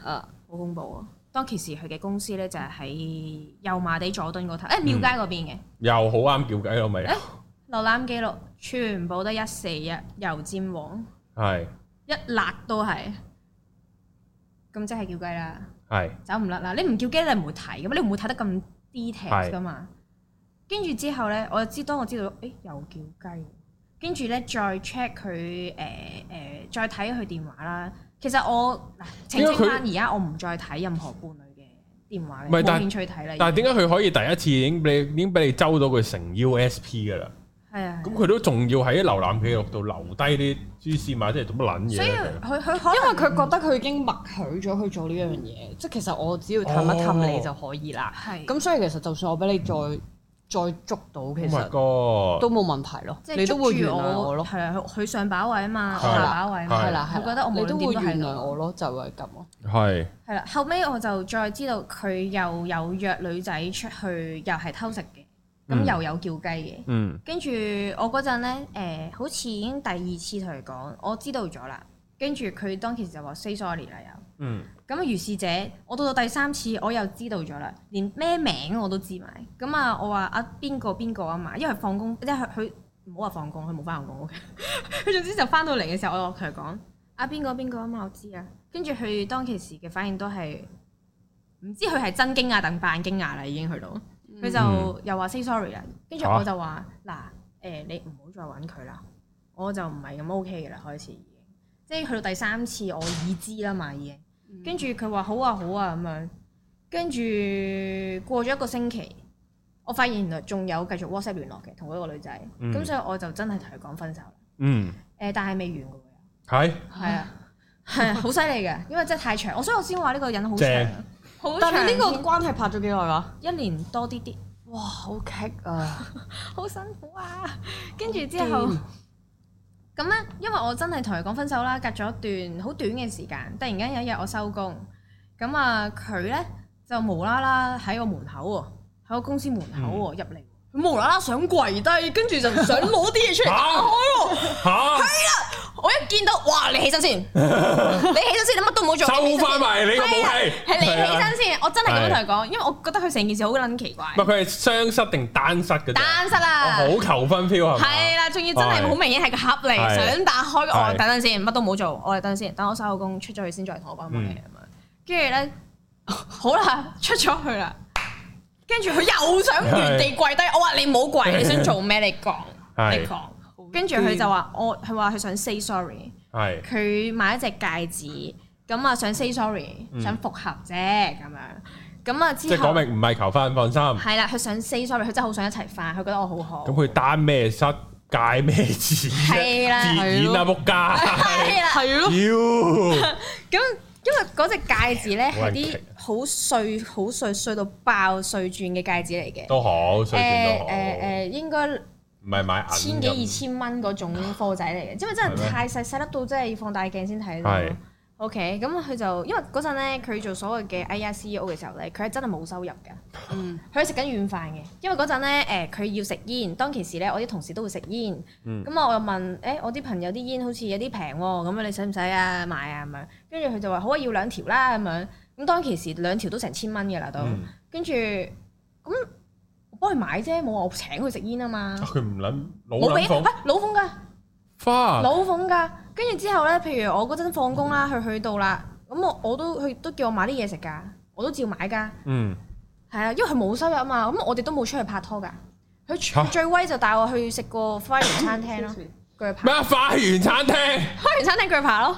好恐怖啊！當其時佢嘅公司咧就係喺油麻地佐敦嗰頭，誒廟、嗯欸、街嗰邊嘅，又好啱叫雞咯，咪啊、欸！瀏覽記錄全部都一四一油尖旺，係是一辣都係，咁即係叫雞啦。係是走唔甩啦！你唔叫雞，你唔會睇噶你唔會睇得咁 detail 噶嘛。跟住是之後咧，我就知當我知道，誒、欸、又叫雞，跟住咧再 check 佢誒誒，再睇佢、呃、電話啦。其實我嗱，陳千萬而家我唔再睇任何伴侶嘅電話，唔係但係興趣睇啦。但係點解佢可以第一次已經俾已經俾你周到佢成 U.S.P. 㗎喇？係啊，咁佢都仲要喺瀏覽記錄度留低啲蛛絲馬跡做乜撚嘢？所以佢佢因為佢覺得佢已經默許咗去做呢樣嘢，嗯、即係其實我只要氹一氹你就可以啦。係、哦，咁是所以其實就算我俾你再。嗯再捉到其實都冇問題咯，捉住我，你都會原諒我咯，係啊，佢上把位啊嘛，的下把位，的的我覺得我無論點都係原諒我咯，就係咁咯，係係啦。後尾我就再知道佢又有約女仔出去，又係偷食嘅，咁、嗯、又有叫雞嘅，嗯，跟住我嗰陣咧，誒好似已經第二次同佢講，我知道咗啦，跟住佢當其時就話 say sorry 啦又。嗯，咁如是者，我到到第三次，我又知道咗啦，連咩名我都知埋。咁啊，我話阿邊個邊個啊嘛，因為放工，因為佢唔好話放工，佢冇翻辦公室，佢 總之就翻到嚟嘅時候，我我佢講阿邊個邊個啊嘛，啊，我知啊。跟住佢當其時嘅反應都係唔知佢係真驚訝定扮驚訝啦，已經去到，佢，嗯、就又話 say sorry 啦。跟住我就話嗱，誒、啊、你唔好再揾佢啦，我就唔係咁 ok 嘅啦，開始，即係去到第三次我已知啦嘛，已經。跟住佢話好啊好啊咁樣，跟住過咗一個星期，我發現原來仲有繼續 WhatsApp 聯絡嘅同嗰個女仔，咁、嗯、所以我就真係同佢講分手喇。嗯。誒，但係未完嘅喎。係唉。係啊唉，係好犀利嘅，因為真係太長，所以我先話呢個人好長。好正長。但係呢個關係拍咗幾耐㗎？一年多啲啲。哇，好棘啊！ 好辛苦啊！跟住棒之後。咁咧，因為我真係同佢講分手啦，隔咗一段好短嘅時間，突然間有一日我收工，咁啊佢咧就無啦啦喺我門口喎，喺我公司門口喎入嚟，佢、嗯、無啦啦想跪低，跟住就想攞啲嘢出嚟打開喎，係啊！啊我一見到，哇！你起身先，你起身先，你乜都唔好做，收翻埋你個武器，係你起身先。我真係咁樣同佢講，因為我覺得佢成件事好撚奇怪。佢係雙失定單失嘅？單失啦，冇求婚票係。係啦，仲要真係好明顯係個盒嚟，想打開。我等陣先，乜都冇做，我哋等陣先。等我收好工出咗去先，再同我講乜嘢咁樣。跟住咧，好啦，出咗去啦。跟住佢又想原地跪低，我話你唔好跪，你想做咩？你講，你講。跟住佢就話我，佢話佢想 say sorry，佢買一隻戒指，咁啊想 say sorry，想復合啫咁樣，咁啊之即係講明唔係求婚，放心。係啦，佢想 say sorry，佢真係好想一齊翻，佢覺得我好好。咁佢戴咩失戒咩字？係啦，係咯。點啊？咁因為嗰隻戒指咧係啲好碎、好碎、碎到爆碎鑽嘅戒指嚟嘅。都好碎鑽都好。誒誒誒，應唔係買千幾二千蚊嗰種貨仔嚟嘅，因為真係太細，細粒到真係要放大鏡先睇到。O K，咁佢就因為嗰陣咧，佢做所謂嘅 A I C E O 嘅時候咧，佢係真係冇收入嘅。嗯，佢係食緊軟飯嘅，因為嗰陣咧誒，佢要食煙。當其時咧，我啲同事都會食煙。嗯，咁我又問誒、欸，我啲朋友啲煙好似有啲平喎，咁你使唔使啊買啊咁樣？跟住佢就話好啊，要兩條啦咁樣。咁當其時兩條都成千蚊嘅啦都，跟住咁。我去買啫，冇話我請佢食煙啊嘛。佢唔捻老捻，唔、啊、老鳳噶花，老鳳噶。跟住之後咧，譬如我嗰陣放工啦，佢、嗯、去到啦，咁我我都去都叫我買啲嘢食噶，我都照買噶。嗯，係啊，因為佢冇收入啊嘛，咁我哋都冇出去拍拖噶。佢最威就帶我去食個花園餐廳、啊、咯，鋸扒。咩花園餐廳？花園餐廳鋸扒咯，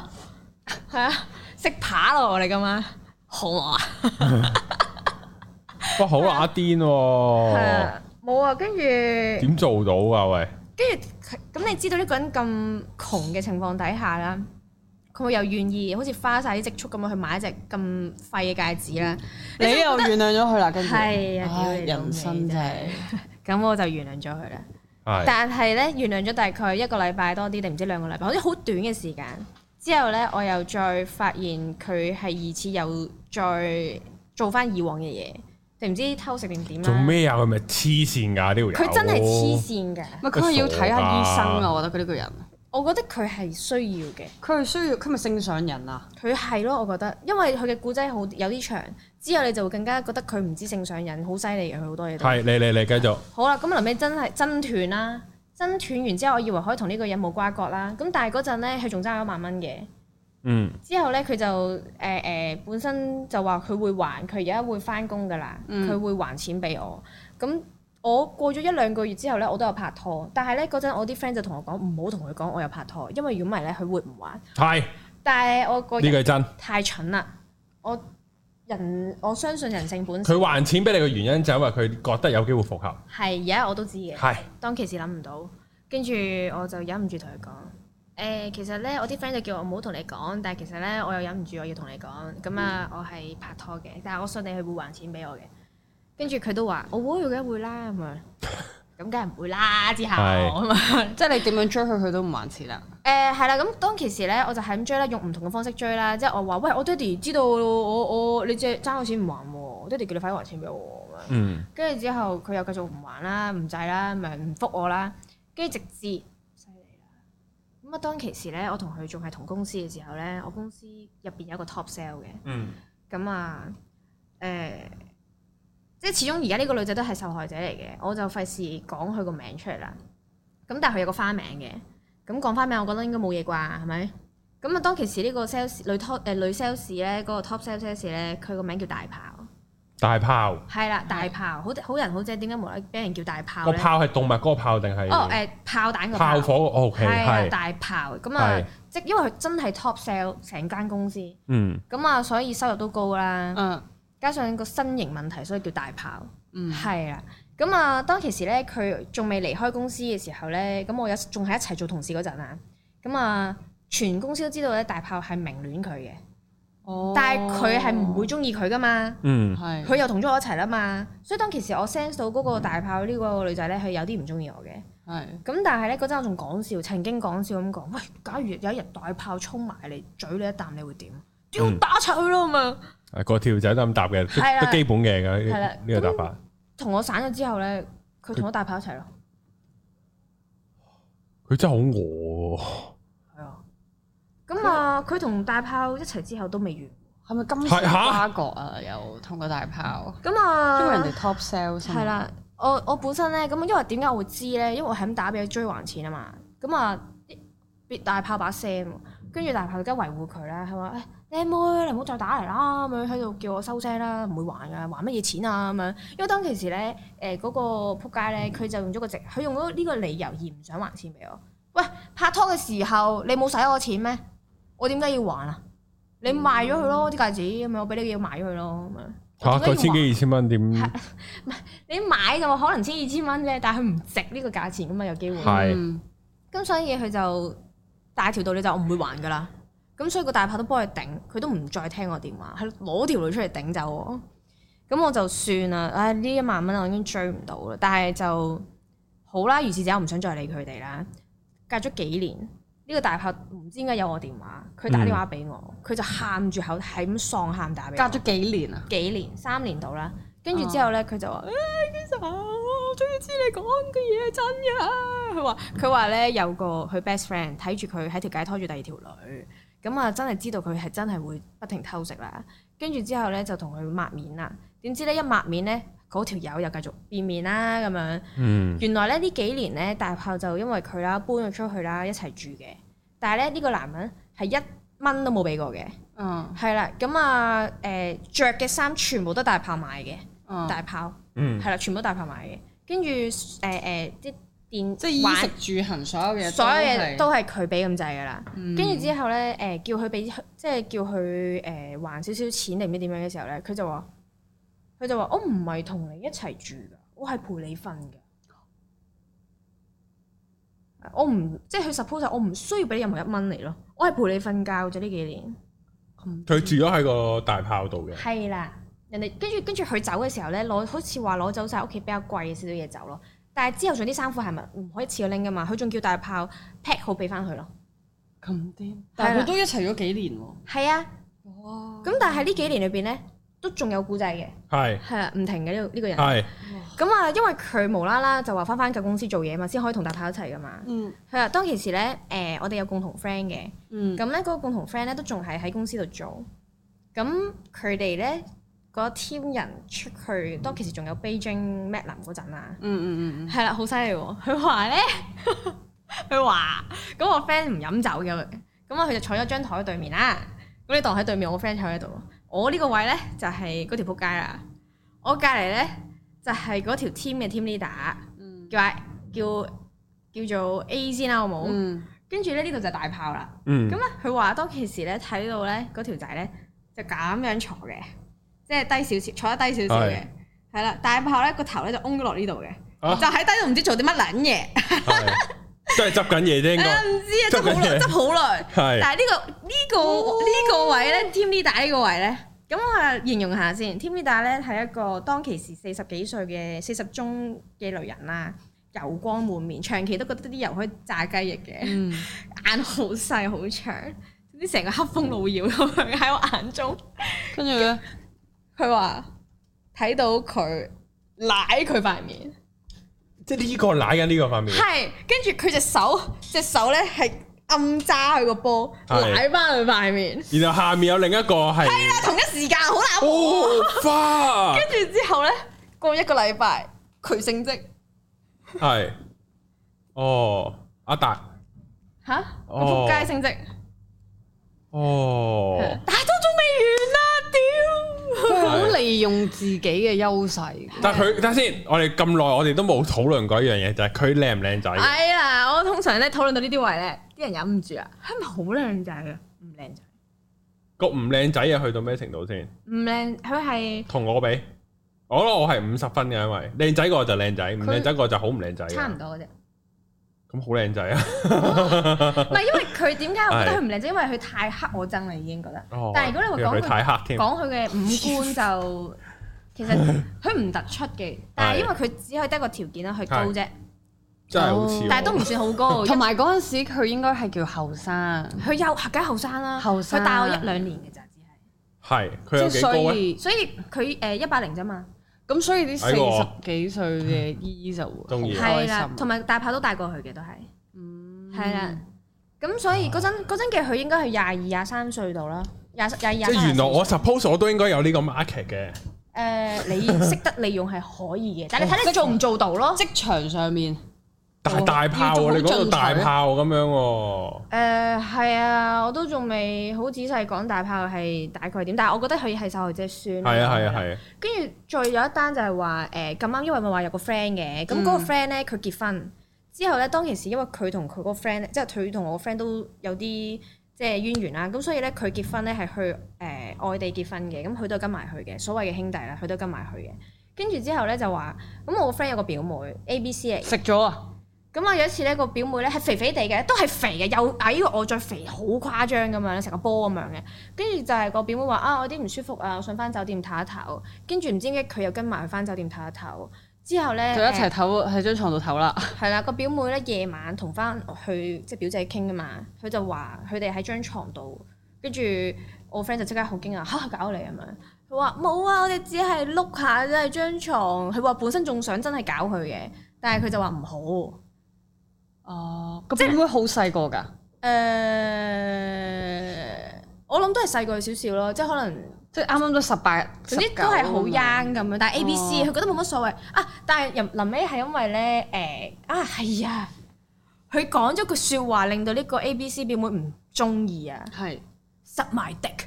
係啊，食扒咯，我哋噶嘛，好啊。哇，好乸癲喎！冇啊，跟住點做到啊？喂？跟住咁，你知道一個人咁窮嘅情況底下啦，佢又願意好似花晒啲積蓄咁去買一隻咁廢嘅戒指啦，你，你又原諒咗佢啦，跟住係啊，你你人生真係咁，我就原諒咗佢啦。是但係咧，原諒咗大概一個禮拜多啲定唔知兩個禮拜，好似好短嘅時間。之後咧，我又再發現佢係疑似又再做翻以往嘅嘢。定唔知偷食定點啊？做咩啊？佢咪黐線噶呢條友？佢真係黐線嘅。佢係要睇下醫生啊！我覺得佢呢個人，我覺得佢係需要嘅。佢係需要，佢咪性上癮啊？佢係咯，我覺得，因為佢嘅古仔好有啲長，之後你就會更加覺得佢唔知性上癮，好犀利佢好多嘢。係，嚟你你繼續。好啦，咁臨尾真係真斷啦！真斷，斷完之後，我以為可以同呢個人冇瓜葛啦。咁但係嗰陣咧，佢仲爭一萬蚊嘅。嗯、之後咧，佢就誒誒、呃呃，本身就話佢會還，佢而家會翻工噶啦，佢、嗯、會還錢俾我。咁我過咗一兩個月之後咧，我都有拍拖。但係咧嗰陣，我啲 friend 就同我講唔好同佢講我有拍拖，因為如果唔係咧，佢會唔還。係是。但係我個呢句真太蠢啦！我人我相信人性本善。佢還錢俾你嘅原因就係因為佢覺得有機會復合。係，而家我都知嘅。係是。當其時諗唔到，跟住我就忍唔住同佢講。誒、欸，其實咧，我啲 friend 就叫我唔好同你講，但係其實咧，我又忍唔住我要同你講。咁啊，我係拍拖嘅，但係我信你佢會還錢俾我嘅。跟住佢都話、哦：我會嘅，會啦咁 樣。咁梗係唔會啦，之後即係你點樣追佢，佢都唔還錢啦、啊。誒、 欸，係啦。咁當其時咧，我就係咁追啦，用唔同嘅方式追啦。即係我話：喂，我爹哋知道我我你借爭咗錢唔還喎，我，我，我，我爹哋叫你快啲還錢俾我。跟住、嗯、之後，佢又繼續唔還啦，唔制啦，咪唔覆我啦。跟住直接。當其時咧，我同佢仲係同公司嘅時候咧，我公司入邊有一個 top sale 嘅，咁啊、嗯，誒，即係始終而家呢個女仔都係受害者嚟嘅，我就費事講佢個名出嚟啦。咁但係佢有個花名嘅，咁講花名，我覺得應該冇嘢啩，係咪？咁啊，當其時呢個 sales，女 sale sales 女 top 誒女 sales 咧，嗰個 top sales sales 咧，佢個名叫大炮。大炮係啦，大炮的好好人好姐，點解無啦俾人叫大炮咧？個炮係動物嗰炮定係？哦誒，炮彈個炮。炮火 O K 係大炮咁啊！即，因為佢真係 top sale 成間公司，嗯，咁啊，所以收入都高啦。嗯，加上個身形問題，所以叫大炮。嗯，係啦。咁啊，當其時咧，佢仲未離開公司嘅時候咧，咁我有仲喺一齊做同事嗰陣啊。咁啊，全公司都知道咧，大炮係明戀佢嘅。但係佢係唔會中意佢噶嘛？嗯，係。佢又同咗我一齊啦嘛，所以當其時我 sense 到嗰個大炮呢個女仔咧，佢、嗯、有啲唔中意我嘅。係、嗯。咁但係咧嗰陣我仲講笑，曾經講笑咁講，喂，假如有一日大炮沖埋嚟，嘴你一啖，你會點？要打出去咯，咪、嗯。係、啊、個條仔都咁答嘅，都、啊、都基本嘅噶。係啦、啊。呢個答法。同、啊、我散咗之後咧，佢同咗大炮一齊咯。佢真係好餓。咁、嗯、咁啊，佢同大炮一齊之後都未完，係咪金三角啊？又同個大炮，咁啊，因為人哋 top sell 先。係、那、啦、個，我我本身咧，咁啊，因為點解我會知咧？因為我係咁打俾佢追還錢啊嘛。咁啊，俾大炮把聲，跟住大炮而家維護佢啦。係話誒，靚妹你唔好再打嚟啦，咁樣喺度叫我收聲啦，唔會還噶，還乜嘢錢啊咁樣。因為當其時咧，誒嗰個仆街咧，佢就用咗個直，佢用咗呢個理由而唔想還錢俾我。喂，拍拖嘅時候你冇使我錢咩？我點解要還、嗯、啊？你賣咗佢咯，啲戒指咪我俾你要買咗佢咯咪。吓個千幾二千蚊點？係 你買就可能千二千蚊咧，但係佢唔值呢個價錢噶嘛，有機會。係是。咁、嗯、所以佢就大條道理就是，我唔會還噶啦。咁所以個大炮都幫佢頂，佢都唔再聽我電話，係攞條女出嚟頂走我。咁我就算啦，唉呢一萬蚊我已經追唔到啦。但係就好啦，如是者我唔想再理佢哋啦。隔咗幾年。呢個大炮唔知點解有我電話，佢打電話俾我，佢、嗯、就喊住口，係咁喪喊哭哭打俾我。隔咗幾年啊？幾年三年到啦。跟住之後咧，佢、哦、就話：誒、哎、其實我好鍾意知你講嘅嘢係真嘅。佢話佢話咧有個佢 best friend 睇住佢喺條街拖住第二條女，咁啊真係知道佢係真係會不停偷食啦。跟住之後咧就同佢抹面啦，點知咧一抹面咧。嗰條友又繼續變面啦，咁樣。嗯、原來咧呢幾年咧，大炮就因為佢啦搬咗出去啦，一齊住嘅。但係咧呢個男人係一蚊都冇俾過嘅。嗯，係啦。咁啊誒，著嘅衫全部都大炮買嘅。嗯，大炮。嗯，係啦，全部都大炮買嘅。跟住誒誒，啲、呃呃、電即係衣食住行所有嘢，所有嘢都係佢俾咁滯噶啦。跟住、嗯、之後咧，誒、呃、叫佢俾，即係叫佢誒、呃、還少少，少，少錢定唔知點樣嘅時候咧，佢就話。佢就話：我唔係同你一齊住㗎，我係陪你瞓㗎。我唔即係佢 suppose 我唔需要俾任何一蚊你咯，我係陪你瞓覺就呢幾年。佢住咗喺個大炮度嘅。係啦，人哋跟住跟住佢走嘅時候咧，攞好似話攞走晒屋企比較貴嘅少少嘢走咯。但係之後仲有啲衫褲係咪唔可以一次拎㗎嘛？佢仲叫大炮 pack 好俾翻佢咯。咁癲。但係佢都一齊咗幾年喎。係啦啊。哇。咁但係呢幾年裏邊咧？都仲有故仔嘅，係係啊，唔停嘅呢個呢個人。係咁啊，因為佢無啦啦就話翻翻舊公司做嘢嘛，先可以同大炮一齊噶嘛。嗯，係啊，當其時咧，誒，我哋有共同 friend 嘅。咁咧嗰個共同 friend 咧都仲係喺公司度做。咁佢哋咧個 team 人出去，當其時仲有 Beijing Madam 嗰陣啦。嗯嗯嗯嗯，係啦，好犀利喎！佢話咧，佢話咁我 friend 唔飲酒嘅，咁啊佢就坐咗張台對面啦。咁你當喺對面，對面我 friend 坐喺度。我呢個位咧就係嗰條仆街啦，我隔離咧就係嗰條 team 嘅 team leader，叫叫叫做 A 先啦，好冇？跟住咧呢度就大炮啦，咁咧佢話當其時咧睇到咧嗰條仔咧就咁樣坐嘅，即係低少少，坐得低少少嘅，係啦的。大炮咧個頭咧就嗡咗落呢度嘅，啊、就喺低度唔知做啲乜撚嘢。的 都係執緊嘢啫，應該唔知啊，執好耐，執好耐。係，但係呢、這個呢個呢個位咧 Team Leader 呢個位咧，咁我形容下先。Team Leader 咧係一個當其時四十幾歲嘅四十中嘅女人啦，油光滿面，長期都覺得啲油可以炸雞翼嘅，嗯、眼好細好長，總之成個黑風老妖咁樣喺我眼中。跟住咧，佢話睇到佢舐佢塊面。即係呢個奶緊呢個塊面，係跟住佢隻手隻手咧係暗揸佢個波奶翻佢塊面，然後下面有另一個係，係啦、啊、同一時間好難講，跟住、哦、 之後咧，過一個禮拜佢升職係， 哦阿達吓？佢撲哈、哦、街升職，哦，但係 都仲未完啦屌！ 佢好利用自己嘅優勢。但係佢等下先，我哋咁耐我哋都冇討論過一樣嘢，就係佢靚唔靚仔。係啊，我通常咧討論到呢啲位咧，啲人忍唔住啊，係咪好靚仔啊？唔靚仔。個唔靚仔啊去到咩程度先？唔靚，佢係同我比，我咯，我係五十分嘅，因為靚仔個就靚仔，唔靚仔個就好唔靚仔，差唔多啫。咁好靚仔啊！唔係，因為佢點解我覺得佢唔靚仔？因為佢太黑我憎啦，已經覺得。但係如果你話講佢太黑，講佢嘅五官就其實佢唔突出嘅，但係因為佢只可以得個條件啦，佢高啫。真係好似。但係都唔算好高。同埋嗰陣時佢應該係叫後生，佢又梗係後生啦，後生。佢大我一兩年嘅咋，只係。係。即係所以，所以佢誒一百零啫嘛。咁所以啲四十幾歲嘅姨姨就鍾意係啦，同埋歡了大炮都帶過去嘅都係，係啦、嗯。咁所以嗰陣嘅佢應該係廿二廿三歲度啦，廿一廿二，即係原來我 suppose 我都應該有呢個 market 嘅。誒、呃，你識得利用係可以嘅， 但你睇你做唔做到咯、哦。職場上面。大大炮喎！你講到大炮咁樣喎。誒係啊，我都仲未好仔細講大炮係大概點，但係我覺得佢係受害者孫。係啊，係啊，係啊。跟住再有一單就係話誒咁啱，因為咪話有個 friend 嘅咁嗰個 friend 咧，佢結婚之後咧，當其時因為佢同佢個 friend 即係佢同我個 friend 都有啲即係淵源啦，咁所以咧佢結婚咧係去誒、呃、外地結婚嘅，咁佢都跟埋去嘅所謂嘅兄弟啦，佢都跟埋去嘅。跟住之後咧就話咁我個 friend 有個表妹、ABC、A、B、C 嚟食咗啊！咁啊！有一次咧，個表妹咧係肥肥地嘅，都係肥嘅，又矮過、哎、我，再肥好誇張咁樣，成個波咁樣嘅。跟住就係個表妹話啊，我啲唔舒服啊，我想翻酒店唞一唞。跟住唔知點解佢又跟埋去翻酒店唞一唞。之後咧就一齊唞喺張床度唞啦。係啦，個表妹咧夜晚同翻去即係表姐傾啊嘛。佢就話佢哋喺張床度，跟住我 friend 就即刻好驚啊嚇搞你咁、啊、樣。佢話冇啊，我哋只係碌下即係張床。佢話本身仲想真係搞佢嘅，但係佢就話唔好。哦，個表妹好細個㗎，誒、呃，我諗都係細個少少咯，即係可能，即係啱啱都十八，總之都係好 young 咁樣能，但係 A B C，佢覺得冇乜所謂啊！但係又臨尾係因為咧，誒啊係啊，佢講咗句説話令到呢個 A B C 表妹唔中意啊，係 suck my dick 是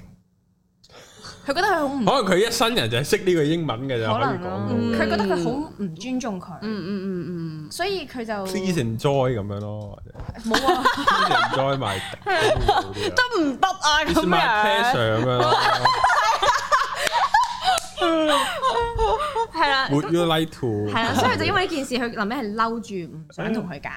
佢覺得佢好唔可能佢一生人就係識呢個英文嘅咋？佢覺得佢好唔尊重佢。嗯嗯嗯嗯，所以佢就 Please enjoy 咁樣咯，冇啊 Please enjoy 都唔得啊！咁樣係啦 Would you like to 係啦？所以就因為呢件事，佢臨尾係嬲住唔想同佢搞。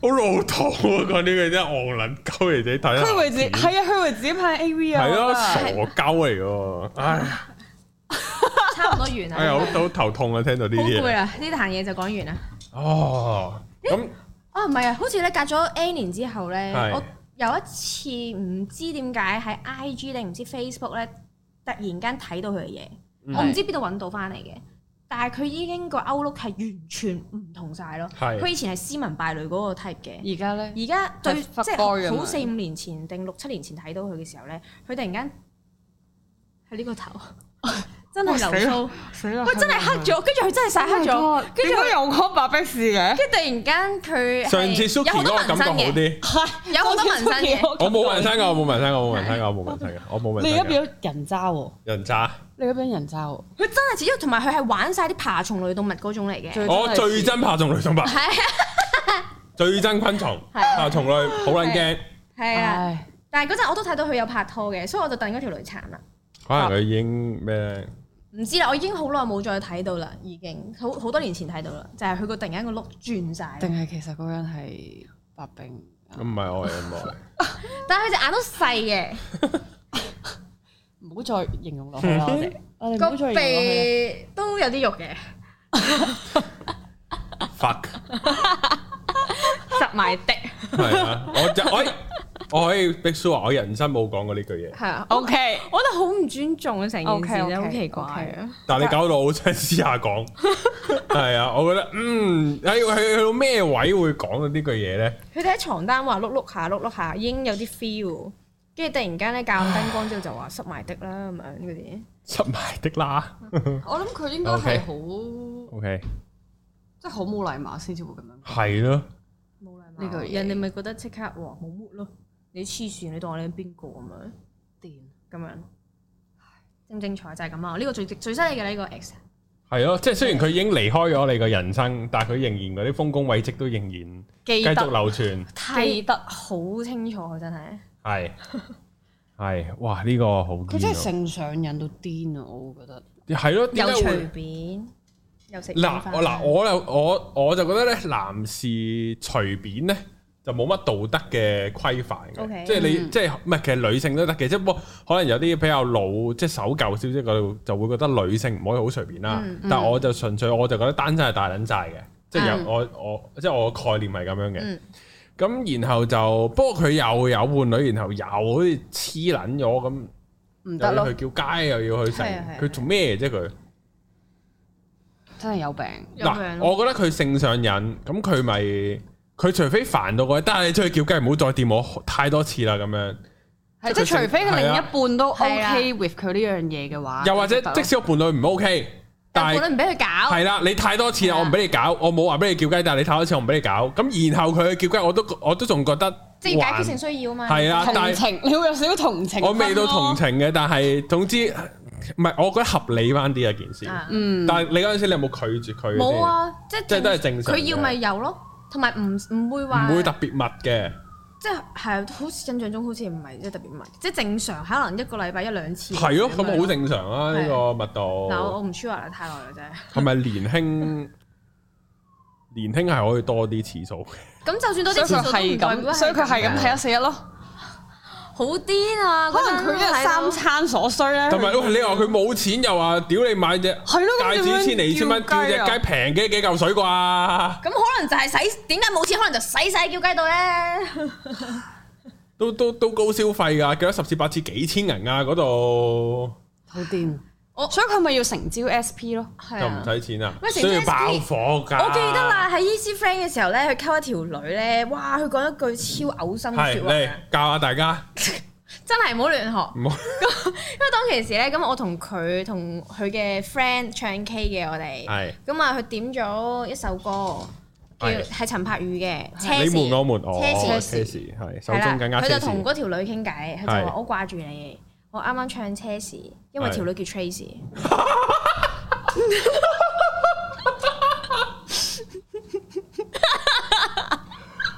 好老土啊，講、這、呢個真係戇撚，區維子睇下。佢為自己係啊，佢為自己拍 A V 啊，係咯，傻鳩嚟喎，唉，差唔多完啦。係啊、哎，我都好,好,好頭痛啊，聽到啲嘢。好攰、哦欸、啊，呢壇嘢就講完啦。哦，咁啊唔係啊，好似咧隔咗 N 年之後咧，的我有一次唔知點解喺 I G 定唔知 Facebook 咧，突然間睇到佢嘅嘢，的我唔知邊度揾到翻嚟嘅。但係佢已經個 outlook 係完全唔同晒咯，佢以前係斯文敗類嗰個 type 嘅，而家咧，而家對即係好四五年前定六七年前睇到佢嘅時候咧，佢突然間係呢個頭，真係流蘇，佢真係黑咗，跟住佢真係曬黑咗，跟住有嗰個白壁士嘅？跟住突然間佢上次 Suki 嗰個感覺好啲，係有好多紋身嘅，我冇紋身㗎，我冇紋身㗎，我冇紋身㗎，我冇紋身㗎，我冇紋。你而家變咗人渣喎，人渣。你嗰班人就佢真係，因為同埋佢係玩晒啲爬蟲類動物嗰種嚟嘅。我最憎爬蟲類動物，係最憎昆蟲。爬蟲類好撚驚。係啊，但係嗰陣我都睇到佢有拍拖嘅，所以我就戥嗰條女慘啦。可能佢已經咩？唔知啦，我已經好耐冇再睇到啦，已經好好多年前睇到啦，就係佢個突然間個碌轉晒。定係其實嗰人係白兵？唔係我係我。但係佢隻眼都細嘅。唔好再形容落去啦，我哋個鼻都有啲肉嘅。fuck，實埋的。係啊，我我我可以逼蘇話我人生冇講過呢句嘢。係啊，OK，我覺得好唔尊重啊，成件事咧，好奇怪啊！但係你搞到我想私下講，係啊，我覺得嗯，去去去到咩位會講到呢句嘢咧？佢哋喺床單話碌碌下碌碌下，已經有啲 feel。跟住突然間咧，校暗燈光之後就話濕埋的啦，咁樣嗰啲濕埋的啦。 我諗佢應該係好 O K，即係好冇禮貌先至會咁樣。係咯的，冇禮貌呢個人哋咪覺得即刻話好悶咯。你黐線，你當我係邊個咁樣？癲咁 Damn. 樣，正精彩就係咁啊！呢、這個最最犀利嘅呢個 ex 係咯，即係雖然佢已經離開咗你嘅人生，但係佢仍然嗰啲豐功偉績都仍然繼續流傳，記得好清楚，真係。系係 哇！呢、呢個好，佢真係性上癮到癲啊！我覺得，係咯，又隨便又隨。嗱嗱， 我又我我就覺得咧，男士隨便咧就冇乜道德嘅規範嘅，okay, 即係你、嗯、即係唔係？其實女性都得，其實不過可能有啲比較老，即係守舊少少，度就會覺得女性唔可以好隨便啦。嗯嗯，但係我就純粹我就覺得單身係大撚曬嘅，即係由我我即係我嘅概念係咁樣嘅。嗯嗯咁然後就，不過佢又有伴侶，然後又好似黐撚咗咁，唔得咯。去叫雞又要去食，佢做咩啫佢？真係有病！嗱喏，我覺得佢性上癮，咁佢咪佢除非煩到佢，但係你出去叫雞唔好再掂我太多次啦咁樣。係即係除非另一半都 OK 的 with 佢呢樣嘢嘅話，又或者即使個伴侶唔 OK、嗯。但係我都唔俾佢搞。係啦，你太多次，我唔俾你搞，的我冇話俾你叫雞。但係你太多次，我唔俾你搞。咁然後佢叫雞，我都我都仲覺得，即係解決性需要嘛？係啊，但同情，你會有少少同情。我未到同情嘅，但係總之，唔係，我覺得合理翻啲啊件事。嗯，但係你嗰陣時你有冇拒絕佢？冇啊，即係即係都係正常。佢要咪有咯，同埋唔唔會話唔會特別密嘅。即係，好似印象中好似唔係即係特別密，即係正常，可能一個禮拜一兩次。係咯對，咁好吧正常啊呢對個密度。嗱我唔 sure 話啦，太耐啦啫。係咪年輕 年輕係可以多啲次數嘅。咁就算多啲次數都咁。所以佢係咁係一四一咯。好癲啊！可能佢都係三餐所需咧、啊，同埋你話佢冇錢又話屌你買隻千千，大紙千零二千蚊，叫隻雞平嘅幾嚿水啩？咁可能就係使點解冇錢？可能就使晒，叫雞到咧 ，都都都高消費㗎，叫咗十次八次幾千銀啊嗰度，好癲！我所以佢咪要成招 SP 咯，就唔使錢啊！需要爆火噶。我記得啦，喺 Easy Friend 嘅時候咧，佢溝一條女咧，哇！佢講一句超嘔心嘅説話。教下大家，真係唔好亂學。唔好，因為當其時咧，咁我同佢同佢嘅 friend 唱 K 嘅，我哋係咁啊，佢點咗一首歌，叫係陳柏宇嘅《車時》，我沒我沒我。車時，車時，係。係啦，佢就同嗰條女傾偈，佢就話：我掛住你。我啱啱唱車時，因為條女叫 Tracy。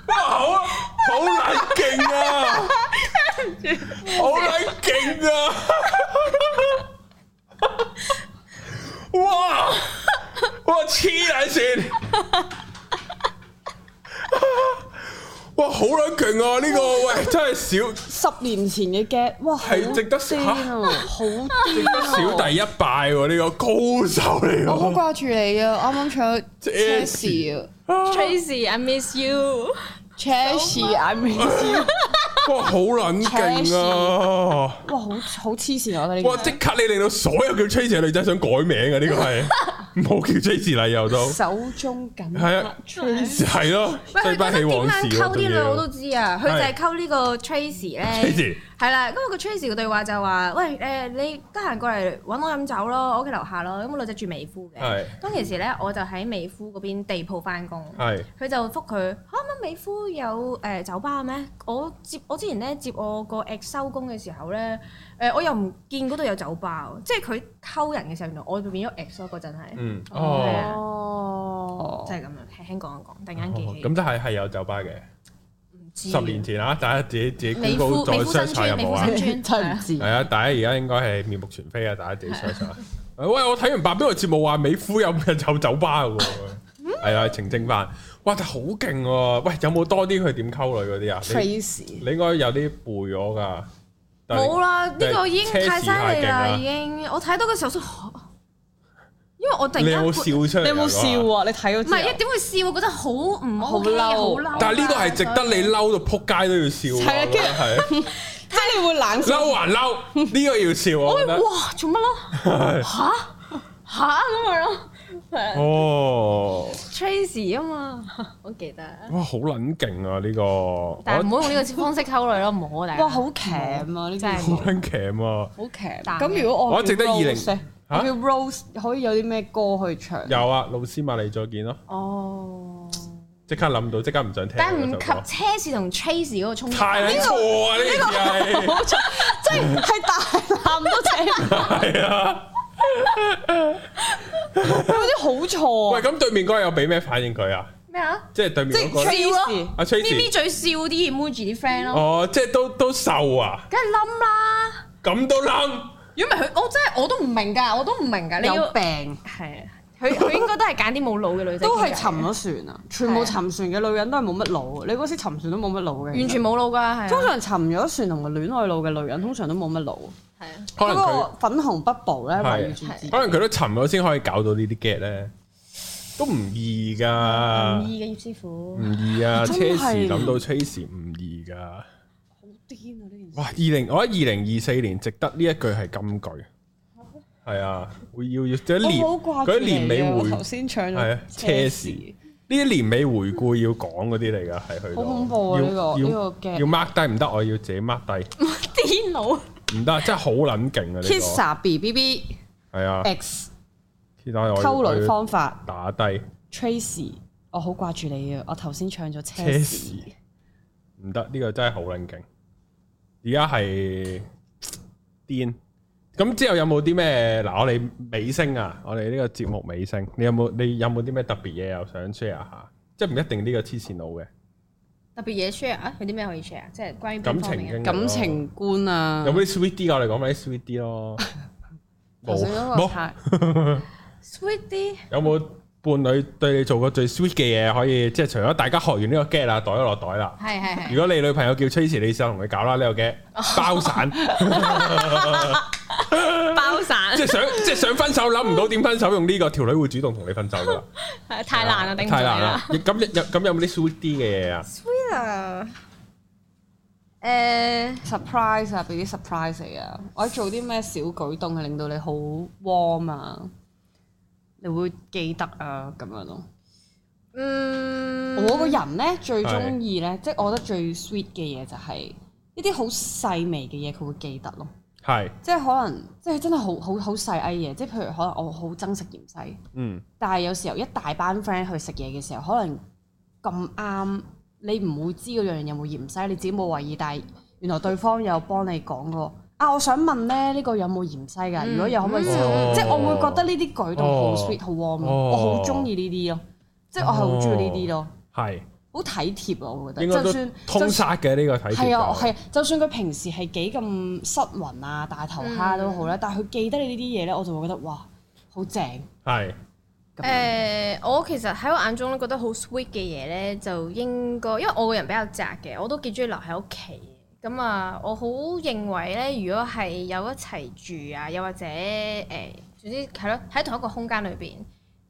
好啊，好難勁啊，好難勁啊！ 哇！我黐你線。 哇，好撚勁啊！呢個喂，真係少十年前嘅 game 哇，係值得先，好，值得小弟一拜喎，呢個高手嚟嘅。我好掛住你啊，啱啱唱 Chase 啊，Chase，I miss you，Chase，I miss you。哇，好撚勁啊！哇，好好黐線，我覺得呢個。哇！即刻你令到所有叫 Chase 嘅女仔想改名啊！呢個係。冇叫 Tracy 嚟又都手中緊握 Tracy 係咯。佢點樣溝啲女我都知啊。佢、啊、就係溝呢個、啊、Tracy 咧。係啦，咁為、那個 Tracy 嘅對話就話：喂，誒、呃，你得閒過嚟揾我飲酒咯，我屋企樓下咯。咁我女仔住美孚嘅，是當其時咧，我就喺美孚嗰邊地鋪翻工。係是，佢就覆佢，嚇、啊、乜美孚有誒、呃、酒吧咩？我接我之前咧接我個 x 收工嘅時候咧，誒、呃、我又唔見嗰度有酒吧，即係佢溝人嘅時候，原來我變咗 x 咯，嗰陣係。哦，即係咁樣輕輕講一講，突然間記起。咁就係係有酒吧嘅。哦哦哦。十年前啊，大家自己自己估再相差有冇啊？真係係啊！大家而家應該係面目全非啊！大家自己想想啊， 啊，啊！喂，我睇完白邊個節目話美夫有入酒酒吧喎，係啊，澄清翻。哇，好勁喎！喂，有冇多啲佢點溝女嗰啲啊？你應該有啲背咗㗎。冇啦、啊，呢但個已經太犀利啦！已經、啊、已經我睇到嘅時候都因為我突然間，你有冇笑出嚟？你有冇笑啊？你睇嗰，唔係一點會笑？我覺得好唔好嬲？但係呢個係值得你嬲到撲街都要笑啊！係啊，係啊，即係你會冷，嬲還嬲，呢個要笑啊！哇！做乜咯？嚇嚇咁咪咯？哦，Tracy 啊嘛，我記得。哇！好撚勁啊呢個，但係唔好用呢個方式溝女咯，唔好。哇！好 cam 啊，真係好 cam 啊，好 cam 但咁如果我我值得二零我叫 Rose，可以有啲咩歌去唱？有啊，老師嘛，你再見咯。哦，即刻諗到，即刻唔想聽。但唔及車士同 Chase 嗰個衝擊。錯啊！呢個冇錯，即係係大難都請。係啊，佢嗰啲好錯啊！喂，咁對面嗰個有俾咩反應佢啊？咩啊？即係對面嗰個笑咯，咪咪嘴笑啲 emoji 啲 friend 咯。哦，即係都都瘦啊！梗係冧啦，咁都冧。如果唔係佢，我真係我都唔明㗎，我都唔明㗎。你有病，係啊，佢佢應該都係揀啲冇腦嘅女仔。 都係沉咗船啊！全部沉船嘅女人都係冇乜腦。你嗰時沉船都冇乜腦嘅。完全冇腦㗎，通常沉咗船同埋戀愛腦嘅女人通常都冇乜腦。係啊，不過粉紅不補咧，維護自己，可能佢都沉咗先可以搞到呢啲 get 咧，都唔 易㗎。唔易嘅葉師傅，唔易啊 Chase 諗到 Chase 唔易㗎。啊 癲啊！呢哇，二零我喺二零二四年，值得呢一句係金句。係啊，會要要，佢一年佢年尾會頭先唱咗，車市呢啲年尾回顧要講嗰啲嚟㗎，係去好恐怖啊！呢個呢個要 mark 低唔得，我要自己 mark 低。電腦唔得，真係好捻勁啊！KisaBBB 係啊，X k i 偷雷方法打低 Tracy，我好掛住你啊！我頭先唱咗車市，唔得呢個真係好捻勁。而家係癲，咁之後有冇啲咩？嗱，我哋尾聲啊，我哋呢個節目尾聲，你有冇？你有冇啲咩特別嘢又想 share 下？即係唔一定呢個黐線佬嘅特別嘢 share 啊？有啲咩可以 share？啊？即係關於感情感情觀啊？有冇啲 sweet 啲我哋講咪 sweet 啲咯，冇冇 sweet 啲？有冇？伴侶對你做過最 sweet 嘅嘢，可以即係除咗大家學完呢個 get 啦，袋一落袋啦。係係係。如果你女朋友叫崔氏，你想同佢搞啦，呢個 get 包散，包散。即係想，即係想分手，諗唔到點分手，用呢、呢個條女會主動同你分手㗎啦。 太難啦了，頂、啊、住太難啦。咁 有咁，有冇啲 sweet 啲嘅嘢啊？sweet 啊，誒、呃、surprise 啊，俾啲 surprise 你啊，我做啲咩小舉動係令到你好 warm 啊？你會記得啊咁樣咯。嗯，我個人咧最中意咧，是即係我覺得最 sweet 嘅嘢就係一啲好細微嘅嘢，佢會記得咯。係是，即係可能即係真係好好好細埃嘢，即係譬如可能我好憎食芫荽。嗯，但係有時候一大班 friend 去食嘢嘅時候，可能咁啱你唔會知嗰樣嘢有冇芫荽，你自己冇懷疑，但係原來對方有幫你講過。嗯。啊！我想問咧，呢個有冇芫茜㗎？如果有，可唔可以即係我會覺得呢啲舉動好 sweet、好 warm，我好中意呢啲咯。即係我係好中意呢啲咯。係。好體貼啊！我覺得，就算通殺嘅呢個體係啊，係。就算佢平時係幾咁失魂啊、大頭蝦都好咧，但係佢記得你呢啲嘢咧，我就會覺得哇，好正。係。誒，我其實喺我眼中咧，覺得好 sweet 嘅嘢咧，就應該因為我個人比較宅嘅，我都幾中意留喺屋企。咁啊，我好認為咧，如果係有一齊住啊，又或者誒，總之係咯，喺同一個空間裏邊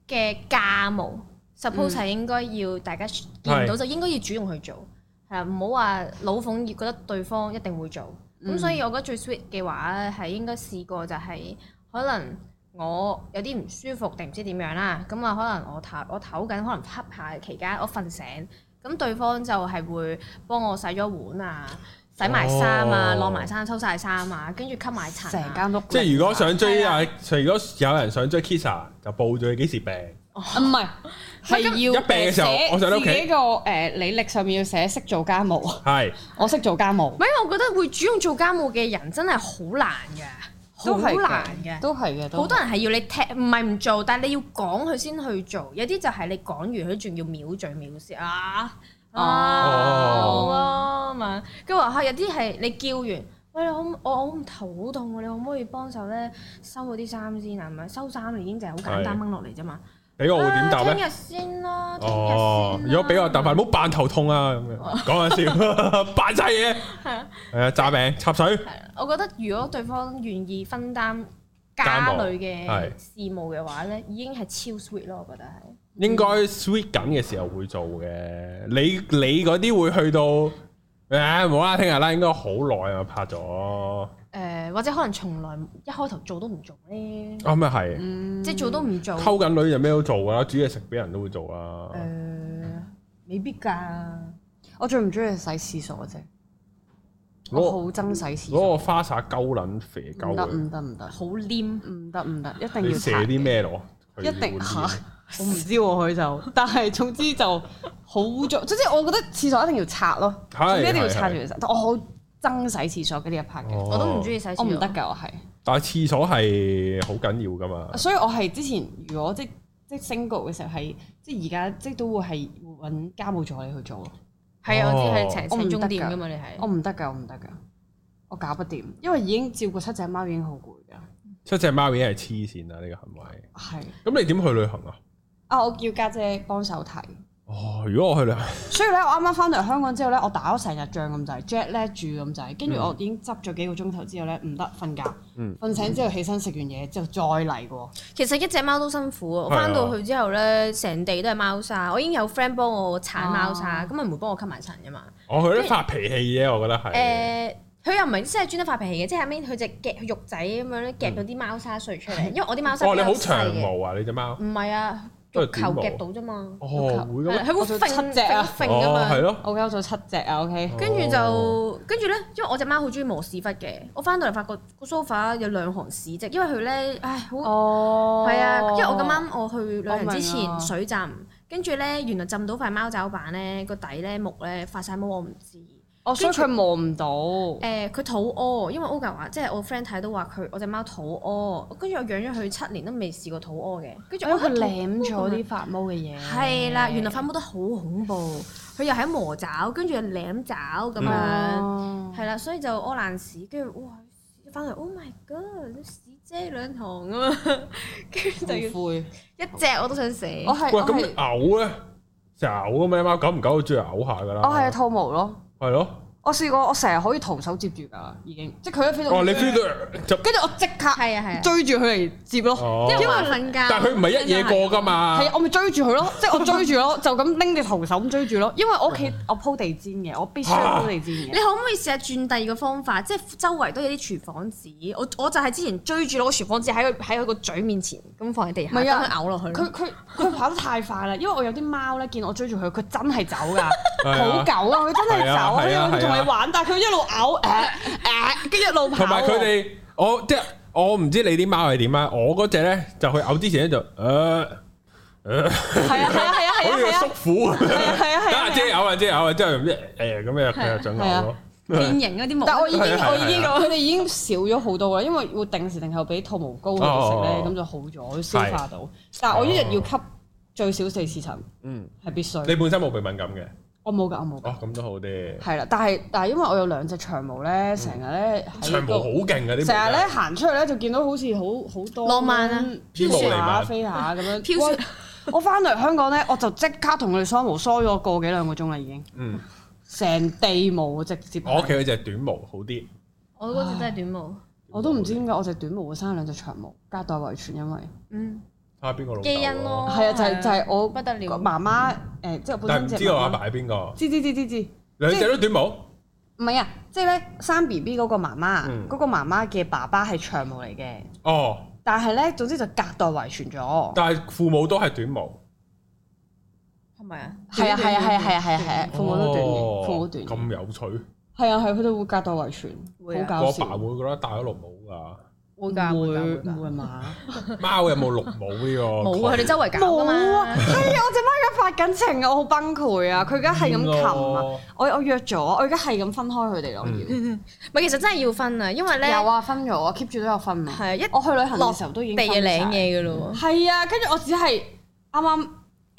嘅家務，suppose、嗯、係應該要大家見唔到是就應該要主動去做，係啦，唔好話老奉要覺得對方一定會做。咁、嗯、所以我覺得最 sweet 嘅話係應該試過就係、是，可能我有啲唔舒服定唔知點樣啦，咁啊可能我頭我唞緊，可能瞌下期間我瞓醒，咁對方就係會幫我洗咗碗啊。洗埋衫啊，晾埋衫，抽晒衫啊，跟住吸埋塵，成間屋。即係如果想追啊，如果有人想追 Kisa 就報咗佢幾時病。唔係，係要病嘅時候，我喺屋企呢個誒履歷上面要寫識做家務。係，我識做家務。唔係，我覺得會主動做家務嘅人真係好難嘅，好難嘅。都係嘅，好多人係要你踢，唔係唔做，但係你要講佢先去做。有啲就係你講完佢仲要藐嘴藐舌啊。哦，咁啊，咁啊，跟住話吓有啲係你叫完，喂，你好、oh. right. mm，我好頭好痛喎，你可唔可以幫手咧收嗰啲衫先啊？咪收衫已經就係好簡單掹落嚟啫嘛。俾我點答咧？聽日先啦，聽日如果俾我答，快唔好扮頭痛啊！咁樣講下笑，扮晒嘢。係啊，詐病插水。我覺得如果對方願意分擔家裏嘅事務嘅話咧，已經係超 sweet 咯，我覺得係。應該 sweet 緊嘅時候會做嘅，你你嗰啲會去到誒好啦，聽日啦，應該好耐啊拍咗。誒、呃、或者可能從來一開頭做都唔做咧。咁咪係，嗯、即係做都唔做。溝緊女就咩都做啦，煮嘢食俾人都會做啦。誒、呃、未必㗎，我最唔中意洗廁所啫。我好憎洗廁所，我個花灑鳩撚肥鳩。唔得唔得唔得，好黏，唔得唔得，一定要啲咩咯？要一定嚇。啊 我唔知喎，佢就，但係總之就好做，總之我覺得廁所一定要拆咯，一定要拆住。但我好憎洗廁所呢一排嘅，我都唔中意洗，我唔得噶我係。但係廁所係好緊要噶嘛。所以，我係之前如果即即 single 嘅時候係，即而家即都會係搵家務助理去做咯。係啊，我知係請中鐘點噶嘛，你係。我唔得噶，我唔得噶，我搞不掂，因為已經照顧七隻貓已經好攰噶。七隻貓已經係黐綫啦，呢個行為。係。咁你點去旅行啊？我叫家姐，姐幫手睇。哦，如果我去咧，所以咧，我啱啱翻到嚟香港之後咧，我打咗成日仗咁滯 jetlag 住咁滯，跟住、嗯、我已經執咗幾個鐘頭之後咧，唔得瞓覺，瞓、嗯、醒之後起身食完嘢之後再嚟過。其實一隻貓都辛苦啊！翻到去之後咧，成地都係貓砂，我已經有 friend 幫我鏟貓砂，咁咪唔會幫我吸埋塵噶嘛。哦，佢都發脾氣嘅，我覺得係。誒、呃，佢又唔係真係專登發脾氣嘅，即係後面佢隻夾肉仔咁樣咧夾到啲貓砂碎出嚟，嗯、因為我啲貓砂好、哦、你好長毛啊！你隻貓唔係啊。球夾到啫嘛，個、哦、球係佢飛只啊，飛噶嘛我勾咗七隻啊、哦、，OK，跟住、okay 哦、就跟住咧，因為我隻貓好中意磨屎忽嘅，我翻到嚟發覺個 sofa 有兩行屎跡，因為佢咧，唉，好係啊，因為我咁啱我去旅行之前水浸，跟住咧原來浸到塊貓爪板咧個底咧木咧發晒毛，我唔知。我所以佢磨唔到。誒，佢肚屙，因為 Oga 話，即係我 friend 睇到話佢我隻貓肚屙，跟住我養咗佢七年都未試過肚屙嘅。跟住我佢舐咗啲發毛嘅嘢。係啦，原來發毛都好恐怖。佢又喺磨爪，跟住又舐爪咁樣，係啦，所以就屙爛屎。跟住哇，翻嚟 Oh my God，啲屎擠兩堂啊，跟住就要。好攰。一隻我都想死。我係。喂，咁你嘔咧？成日嘔嘅咩？貓久唔久都中意嘔下噶啦。哦，係啊，吐毛咯。哎呦！我試過，我成日可以徒手接住㗎，已經。即係佢一飛到，哦你飛到就跟住我即刻係啊，係啊，追住佢嚟接咯，因為瞓覺。但佢唔係一夜過㗎嘛。係啊，我咪追住佢咯，即係我追住咯，就咁拎住徒手咁追住咯，因為我屋企我鋪地氈嘅，我必須鋪地氈。你可唔可以試下轉第二個方法？即係周圍都有啲廚房紙，我我就係之前追住攞廚房紙喺佢喺佢個嘴面前咁放喺地下，等佢咬落去。佢佢佢跑得太快啦，因為我有啲貓咧見我追住佢，佢真係走㗎，好狗啊，佢真係走。玩，但係佢一路嘔，嘔，跟住一路跑。同埋佢哋，我即係我唔知你啲貓係點啊？我嗰隻咧就佢嘔之前咧就，誒誒，係啊係啊係啊，好似縮虎啊，係啊係啊，等下即係嘔啊即係嘔啊即係誒咁樣佢又想嘔咯，變形嗰啲毛。但係我已經我已經佢哋已經少咗好多啦，因為會定時定候俾兔毛膏佢食咧，咁就好咗，消化到。但係我一日要吸最少四次塵，嗯，係必須。你本身冇鼻敏感嘅？我冇㗎，我冇㗎。哦，咁都好啲。係啦，但係但係，因為我有兩隻長毛咧，成日咧長毛好勁嘅啲，成日咧行出去咧就見到好似好好多浪漫啊！飛下飛下咁樣。我翻嚟香港咧，我就即刻同佢哋梳毛，梳咗個幾兩個鐘啦，已經。嗯。成地毛直接。我屋企嗰隻短毛好啲。我嗰隻真係短毛，我都唔知點解我隻短毛會生兩隻長毛，隔代遺傳，因為嗯。睇下邊個老豆基因咯，係啊，就係就係我不得了媽媽。誒，即係我本身只，但知道阿爸係邊個？知知知知知，兩隻都短毛？唔係啊，即係咧生 B B 嗰個媽媽，嗰個媽媽嘅爸爸係長毛嚟嘅。哦！但係咧，總之就隔代遺傳咗。但係父母都係短毛，係咪啊？係啊係啊係啊係啊係啊！父母都短嘅，父母短。咁有趣？係啊係，佢哋會隔代遺傳，好搞笑，我爸會覺得戴咗綠帽㗎。會㗎會唔會嘛？貓有冇綠帽呢個？冇啊！佢哋周圍搞啊嘛？係啊！我隻貓而家發緊情啊！我好崩潰啊！佢而家係咁擒啊！我我約咗，我而家係咁分開佢哋咯。要唔係其實真係要分啊！因為咧有啊，分咗啊，keep 住都有分。係啊，一我去旅行嘅時候都已經領嘢㗎咯。係啊，跟住我只係啱啱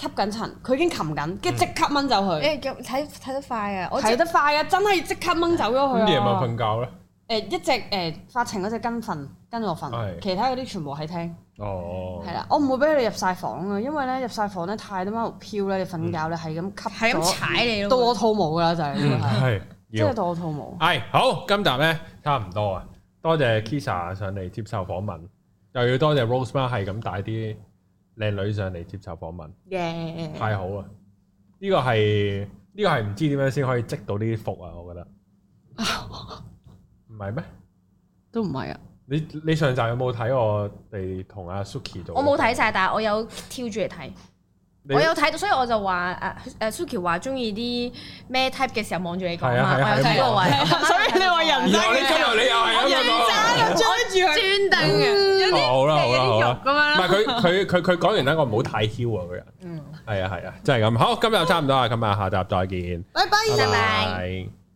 吸緊塵，佢已經擒緊，跟住即刻掹走佢。誒，睇睇得快啊！我睇得快啊！真係即刻掹走咗佢啊！你係咪瞓覺啦。誒、欸、一直誒、欸、發情嗰隻跟瞓跟住我瞓，的其他嗰啲全部喺廳。哦，係啦，我唔會俾佢入晒房啊，因為咧入晒房咧太多貓毛飄咧，你瞓覺咧係咁吸，係咁踩你，多我套毛啦就係，即係多我套毛。係好，今集咧差唔多啊！多謝 Kisa 上嚟接受訪問，又要多謝 Rose 媽係咁帶啲靚女上嚟接受訪問，嘅 Yeah 太好啊！呢、呢個係呢個係唔知點樣先可以積到呢啲福啊！我覺得。 唔係咩？都唔係啊！你你上集有冇睇我哋同阿 Suki 做？我冇睇晒，但係我有跳住嚟睇，我有睇到，所以我就話誒誒 Suki 話中意啲咩 type 嘅時候望住你講啊嘛，我有睇到位。所以你話人渣，你今日你又係人渣，追住佢專登嘅，有啲肌肉咁樣咯。唔係佢佢佢佢講完咧，我唔好太 hilo 啊！佢人。嗯。係啊係啊，真係咁。好，今日差唔多啦，咁啊，下集再見。拜拜，拜拜。